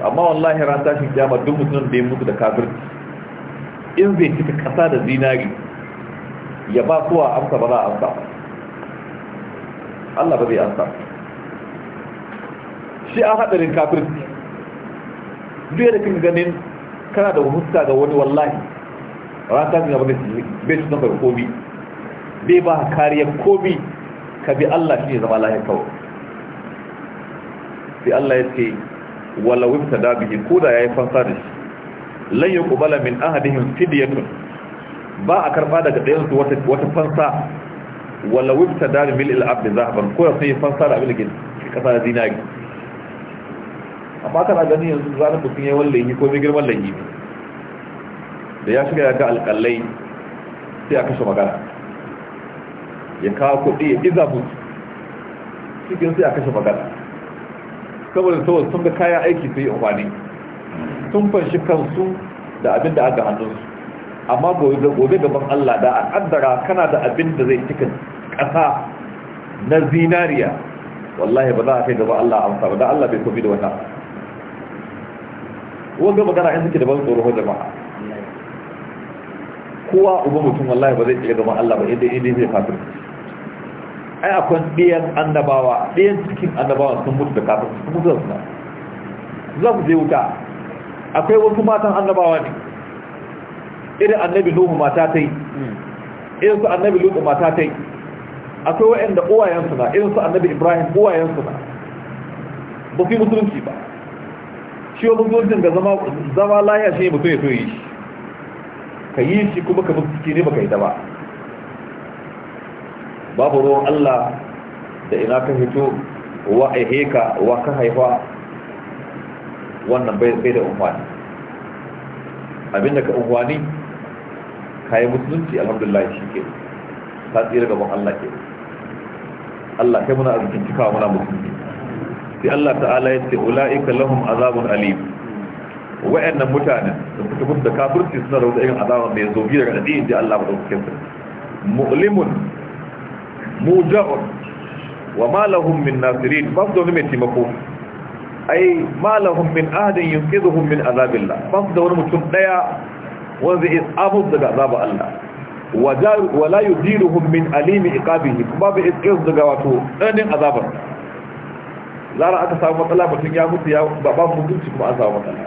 amma wallahi ran tashin jama'a duk mutum da ya mutu da kafirci in zai cika kasa da zinari ya ba kowa amsa ba za a amsa Allah ba zai amsa shi a hadarin kafirci duk da kin ganin kana da huska ga wani wallahi ran ta gaba da shi bai shi nufar komi bai ba kariyar komi ka bi Allah shi ne zama lahi kawo. sai Allah ya ce wala wifta da bihi ko da yayi fansa da shi lan yuqbala min ahadihim fidyatun ba a karba daga ɗayansu su wata wata fansa wala wifta da bil al-abd zahaban ko sai fansa da abin da ke kasa zinari amma kana gani yanzu zanen mutum yawan lanyi ko mai girman lanyi ne da ya shiga ya ga alƙalai sai a kashe magana ya kawo kuɗi ya iza mutu cikin sai a kashe magana saboda saboda sun ga kayan aiki sai umarni sun fanshi kansu da abin da aka hannunsu amma gobe gaban Allah da a kaddara kana da abin da zai cikin ƙasa na zinariya wallahi ba za a kai gaba Allah amsa ba da Allah bai kofi da wata wanga magana in suke da ban tsoro jama'a kowa uba mutum wallahi ba zai iya gaban Allah ba inda inda zai kafir ai akwai ɗiyan annabawa ɗiyan cikin annabawa sun mutu da kafir sun mutu da suna za su je wuta akwai wasu matan annabawa ne irin annabi nuhu mata ta yi irin su annabi lutu mata ta yi akwai wa'anda uwayensu na irin su annabi ibrahim uwayensu na ba fi musulunci ba shi wa mutuncin ga zama laya shi mutum ya so yi ka yi shi kuma ka mutu ne baka yi ta ba babu ruwan Allah da ina ka hito, wa a heka wa ka haifa wannan bai da umfani abinda ka umfani ka yi musulunci alhamdulillah shi ke ta tsira gaban Allah ke Allah kai muna arzikin cikawa muna musulunci sai Allah ta'ala ya ce ula'ika lahum azabun alim wa'annan mutanen da suka gudu da kafirci suna da wata irin azaba mai zobi daga dadi da Allah ba dauke su mu'limun muja'un wa ma lahum min nasirin ba su da wani mai taimako ai ma lahum min ahadin yunqidhuhum min azabillah ba su da wani mutum daya wanda zai abu daga azaba Allah Wa la yudiruhum min alimi iqabihi babu isqis daga wato danin azabar lara aka samu matsala mutum ya mutu ya ba ba mutunci kuma an samu matsala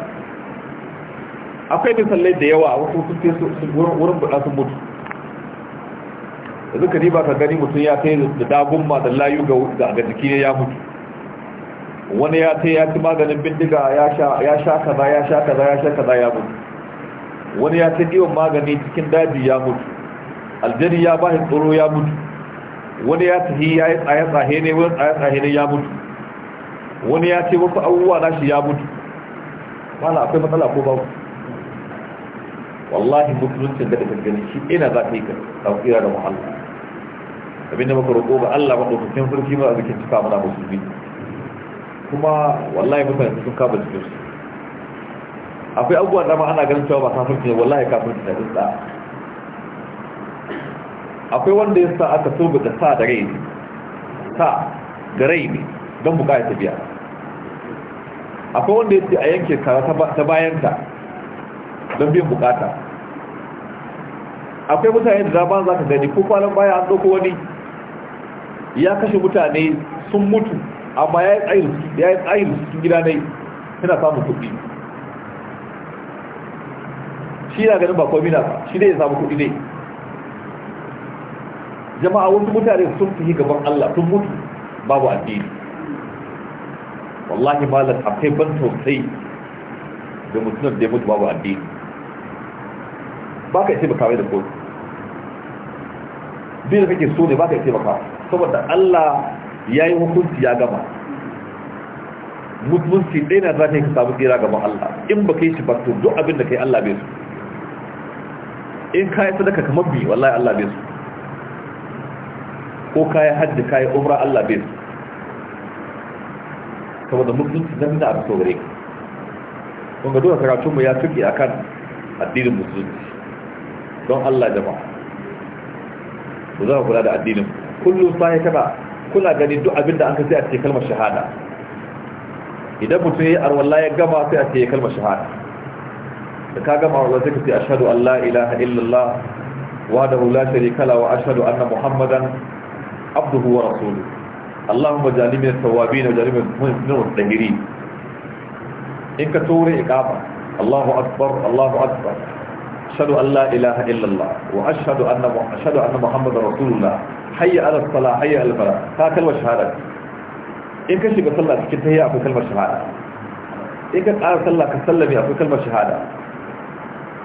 akwai misalai da yawa wasu sun fi wurin buɗa sun mutu yanzu ka riba ka gani mutum ya kai da dagun ma da layu ga jiki ne ya mutu wani ya ce ya ci maganin bindiga ya sha kaza ya sha kaza ya sha kaza ya mutu wani ya ce diwon magani cikin daji ya mutu aljari ya bahin tsoro ya mutu wani ya tafi ya yi tsaye-tsahe ne wani tsaye-tsahe ne ya mutu wani ya ce wasu abubuwa na shi ya mutu mana akwai matsala ko babu wallahi mutuncin da daga gani shi ina za ka yi tsakira da muhalli abinda maka roƙo ga Allah maɗaukakin sarki ba a zikin cika mana musulmi kuma wallahi mutane sun kama jikin su akwai abubuwa da ma ana ganin cewa ba kafirci ne wallahi kafin ne sun tsaye akwai wanda ya sa aka so da sa da rai sa da rai ne don buƙa ta biya akwai wanda ya ce a yanke kara ta bayanta don biyan buƙata. akwai mutane da ba za ka gani ko kwanan baya an ɗauko wani ya kashe mutane sun mutu amma ya yi tsayin cikin gida ne yana samun kuɗi shi na ganin ba komi na shi ne ya samu kuɗi ne jama'a wasu mutane sun fi gaban Allah sun mutu babu addini wallahi malam akwai ban tausayi da mutumin da ya mutu babu addini ba ka yi taimaka mai da kotu duk da kake so ne ba ka yi taimaka saboda Allah ya yi hukunci ya gama mutunci ɗaya na za ka yi ka samu tsira gaban Allah in ba ka yi shi ba to duk abin da ka Allah bai su in ka yi sadaka kamar bi wallahi Allah bai su ko ka yi hajji ka yi umra Allah bai su saboda musulunci nan da abu gare ka kun ga duka karatunmu ya tuki akan addinin musulunci don Allah jama'a ku za ku kula da addinin kullum sai taba kula gani duk abin da an kasi a cikin kalmar shahada idan mutum ya yi arwallah ya gama sai a ce kalmar shahada da ka gama arwallah sai ka ce ashadu an la ilaha illallah wa da hula sharikala wa ashadu anna muhammadan abduhu wa rasuluhu Allahumma ja'alni min at-tawwabin wa ja'alni min al in ka tura iqama Allahu akbar Allahu akbar ashhadu an la ilaha illa Allah wa ashhadu anna ashhadu anna muhammadar rasulullah hayya ala as-salah hayya ala al-falah ka kalma shahada in ka shiga sallah cikin tahiyya akwai kalmar shahada in ka ƙara sallah ka sallami akwai kalmar shahada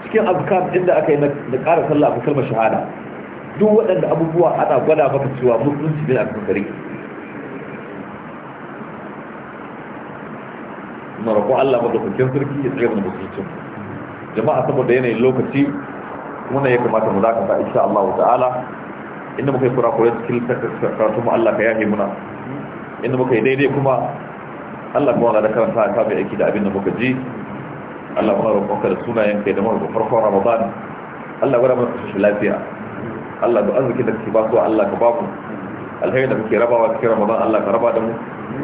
cikin azkar inda aka yi na ƙara sallah akwai kalmar shahada duk waɗanda abubuwa ana gwada maka cewa musulunci ne na akwai gari na roƙon Allah madaukakin sarki ya tsare mana musulcin jama'a saboda yanayin lokaci wannan ya kamata mu dakata insha Allah ta'ala inda muka yi kurakurai cikin karatu mu Allah ka yahe muna inda muka yi daidai kuma Allah kuma na da karanta ka bai aiki da abin da muka ji Allah muna roƙonka da sunayen kai da mara farko Ramadan Allah gwada mana kashe lafiya Allah da arziki da kake ba su Allah ka ba mu alheri da kake rabawa cikin Ramadan Allah ka raba da mu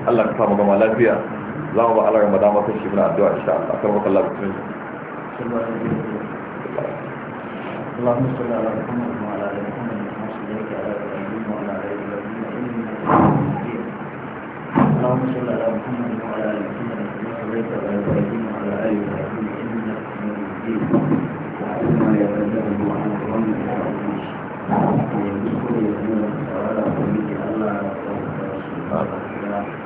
Allah ka samu gama lafiya za mu ba ala ga madama ta shi muna addu'a insha Allah kan wakan lafi tun اللهم صل على محمد وعلى ال محمد كما صليت على ابراهيم وعلى ال ابراهيم انك حميد مجيد اللهم صل على محمد وعلى ال محمد كما صليت على ابراهيم وعلى ال ابراهيم انك حميد مجيد وعلمنا يا بلده وعن قومه يا رب ويذكر يا الله ويجعل الله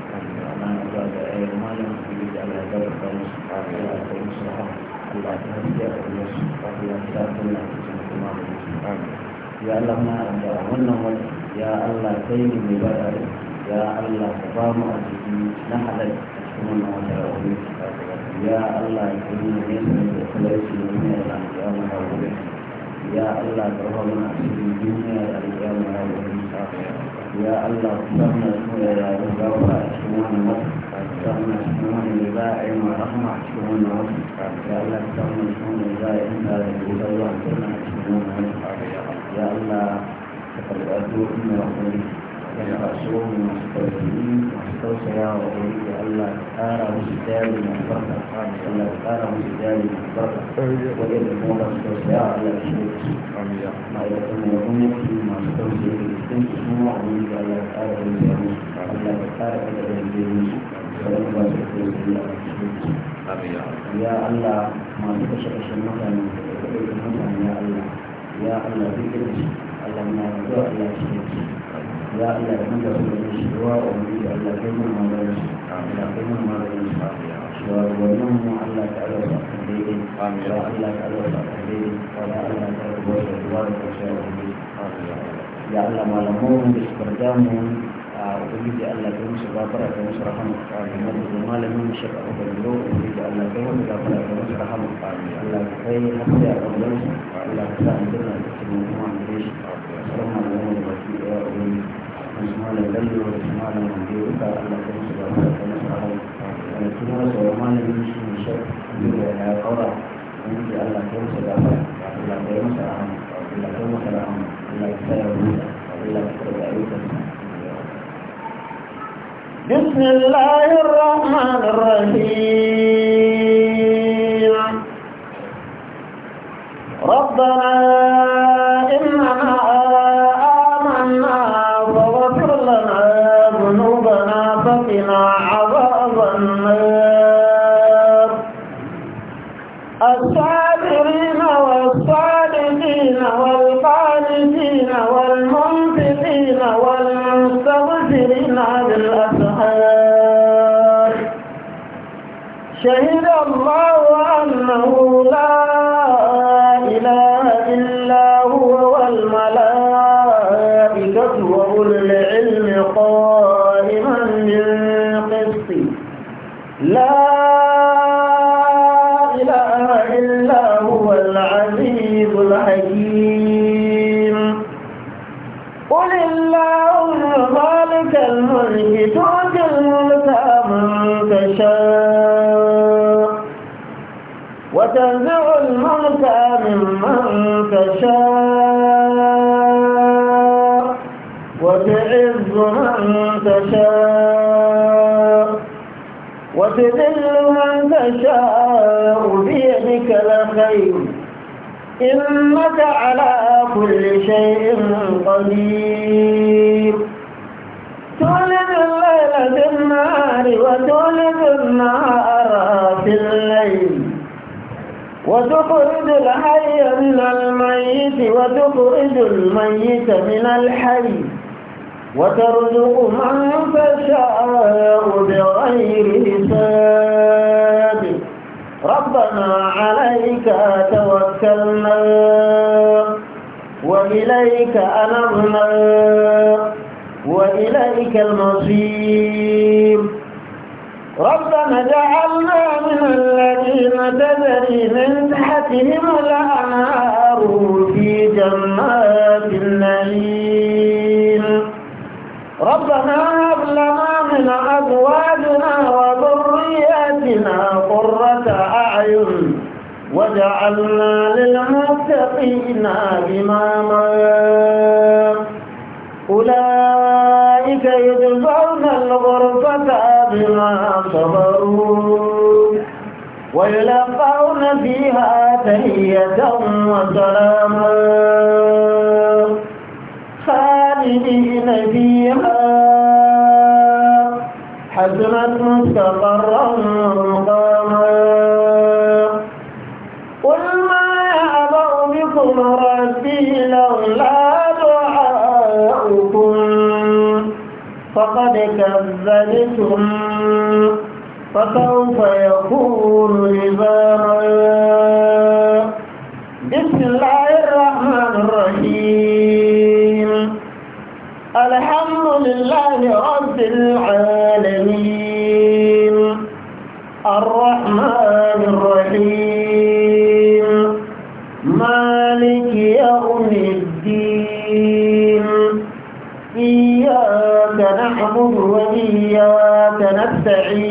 يا الله يا الله يا الله يا الله يا الله يا الله يا الله يا الله يا الله يا الله يا الله يا الله يا الله يا الله يا الله يا الله يا الله يا الله يا ya Allah ku sanya su da yare gafa a cikin wannan wasu sanya su da wani da za a yi ma rahama a cikin wannan wasu ya Allah ku sanya su da za a yi da da gudan ruwan a cikin wannan wasu ya Allah ka karɓar su inda wa وقوم مستوفين واستوصيا وأريد ألا تقارى وسجاري مخبرك ألا تقارى وسجاري مخبرك وإذ موت استوصيا ألا تشرك ما يكون يومك ما استوصي بالسنس وأريد ألا تقارى وسجاري ألا تقارى وسجاري فلن بسكت إلا يا الله ما تكشف مثلا يا الله ذكرك اللهم لا الله شريك ya Allah ya dinga su da shiwa wani da Allah kai mun magana shi Allah kai mun magana shi shiwa wannan mu Allah ta Allah ta daidai amin ya Allah ta Allah ta daidai wala Allah ta rubo da ruwa da shiwa wani ya Allah malamu da shukadamu a ubangiji Allah kai musu gafara kai musu rahama amin da malamin shi ka ga duro ubangiji Allah kai musu gafara kai musu rahama amin Allah kai hafiya ga wannan Allah ka sa mu da cikin mu'minin shi assalamu alaikum wa rahmatullahi wa barakatuh بسم الله الرحمن الرحيم ربنا إننا وقنا عذاب النار الصابرين والصالحين والقانتين والمنفقين والمستغفرين بالأسحار شهد الله أنه لا إله إلا هو والملائكة وتذل من تشاء بيدك الخير إنك على كل شيء قدير تولد الليل في النهار وتولد النهار في الليل وتخرج الحي من الميت وتخرج الميت من الحي وترزق من تشاء بغير حساب ربنا عليك توكلنا وإليك أنبنا وإليك المصير ربنا جعلنا من الذين تجري من تحتهم الأنهار في جنات النعيم ربنا هب لنا من أزواجنا وذرياتنا قرة أعين وجعلنا للمتقين إماما أولئك يجزون الغرفة بما صبروا ويلقون فيها تهية وسلاما نبيها حسنت مستقرا مقاما قل ما يعبر بكم ربي لولا دعاؤكم فقد كذبتم فسوف يكون لزاما العالمين الرحمن الرحيم مالك يوم الدين إياك نعبد وإياك نستعين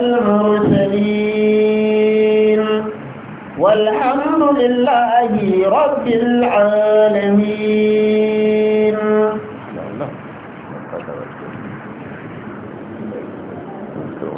المرسلين والحمد لله رب العالمين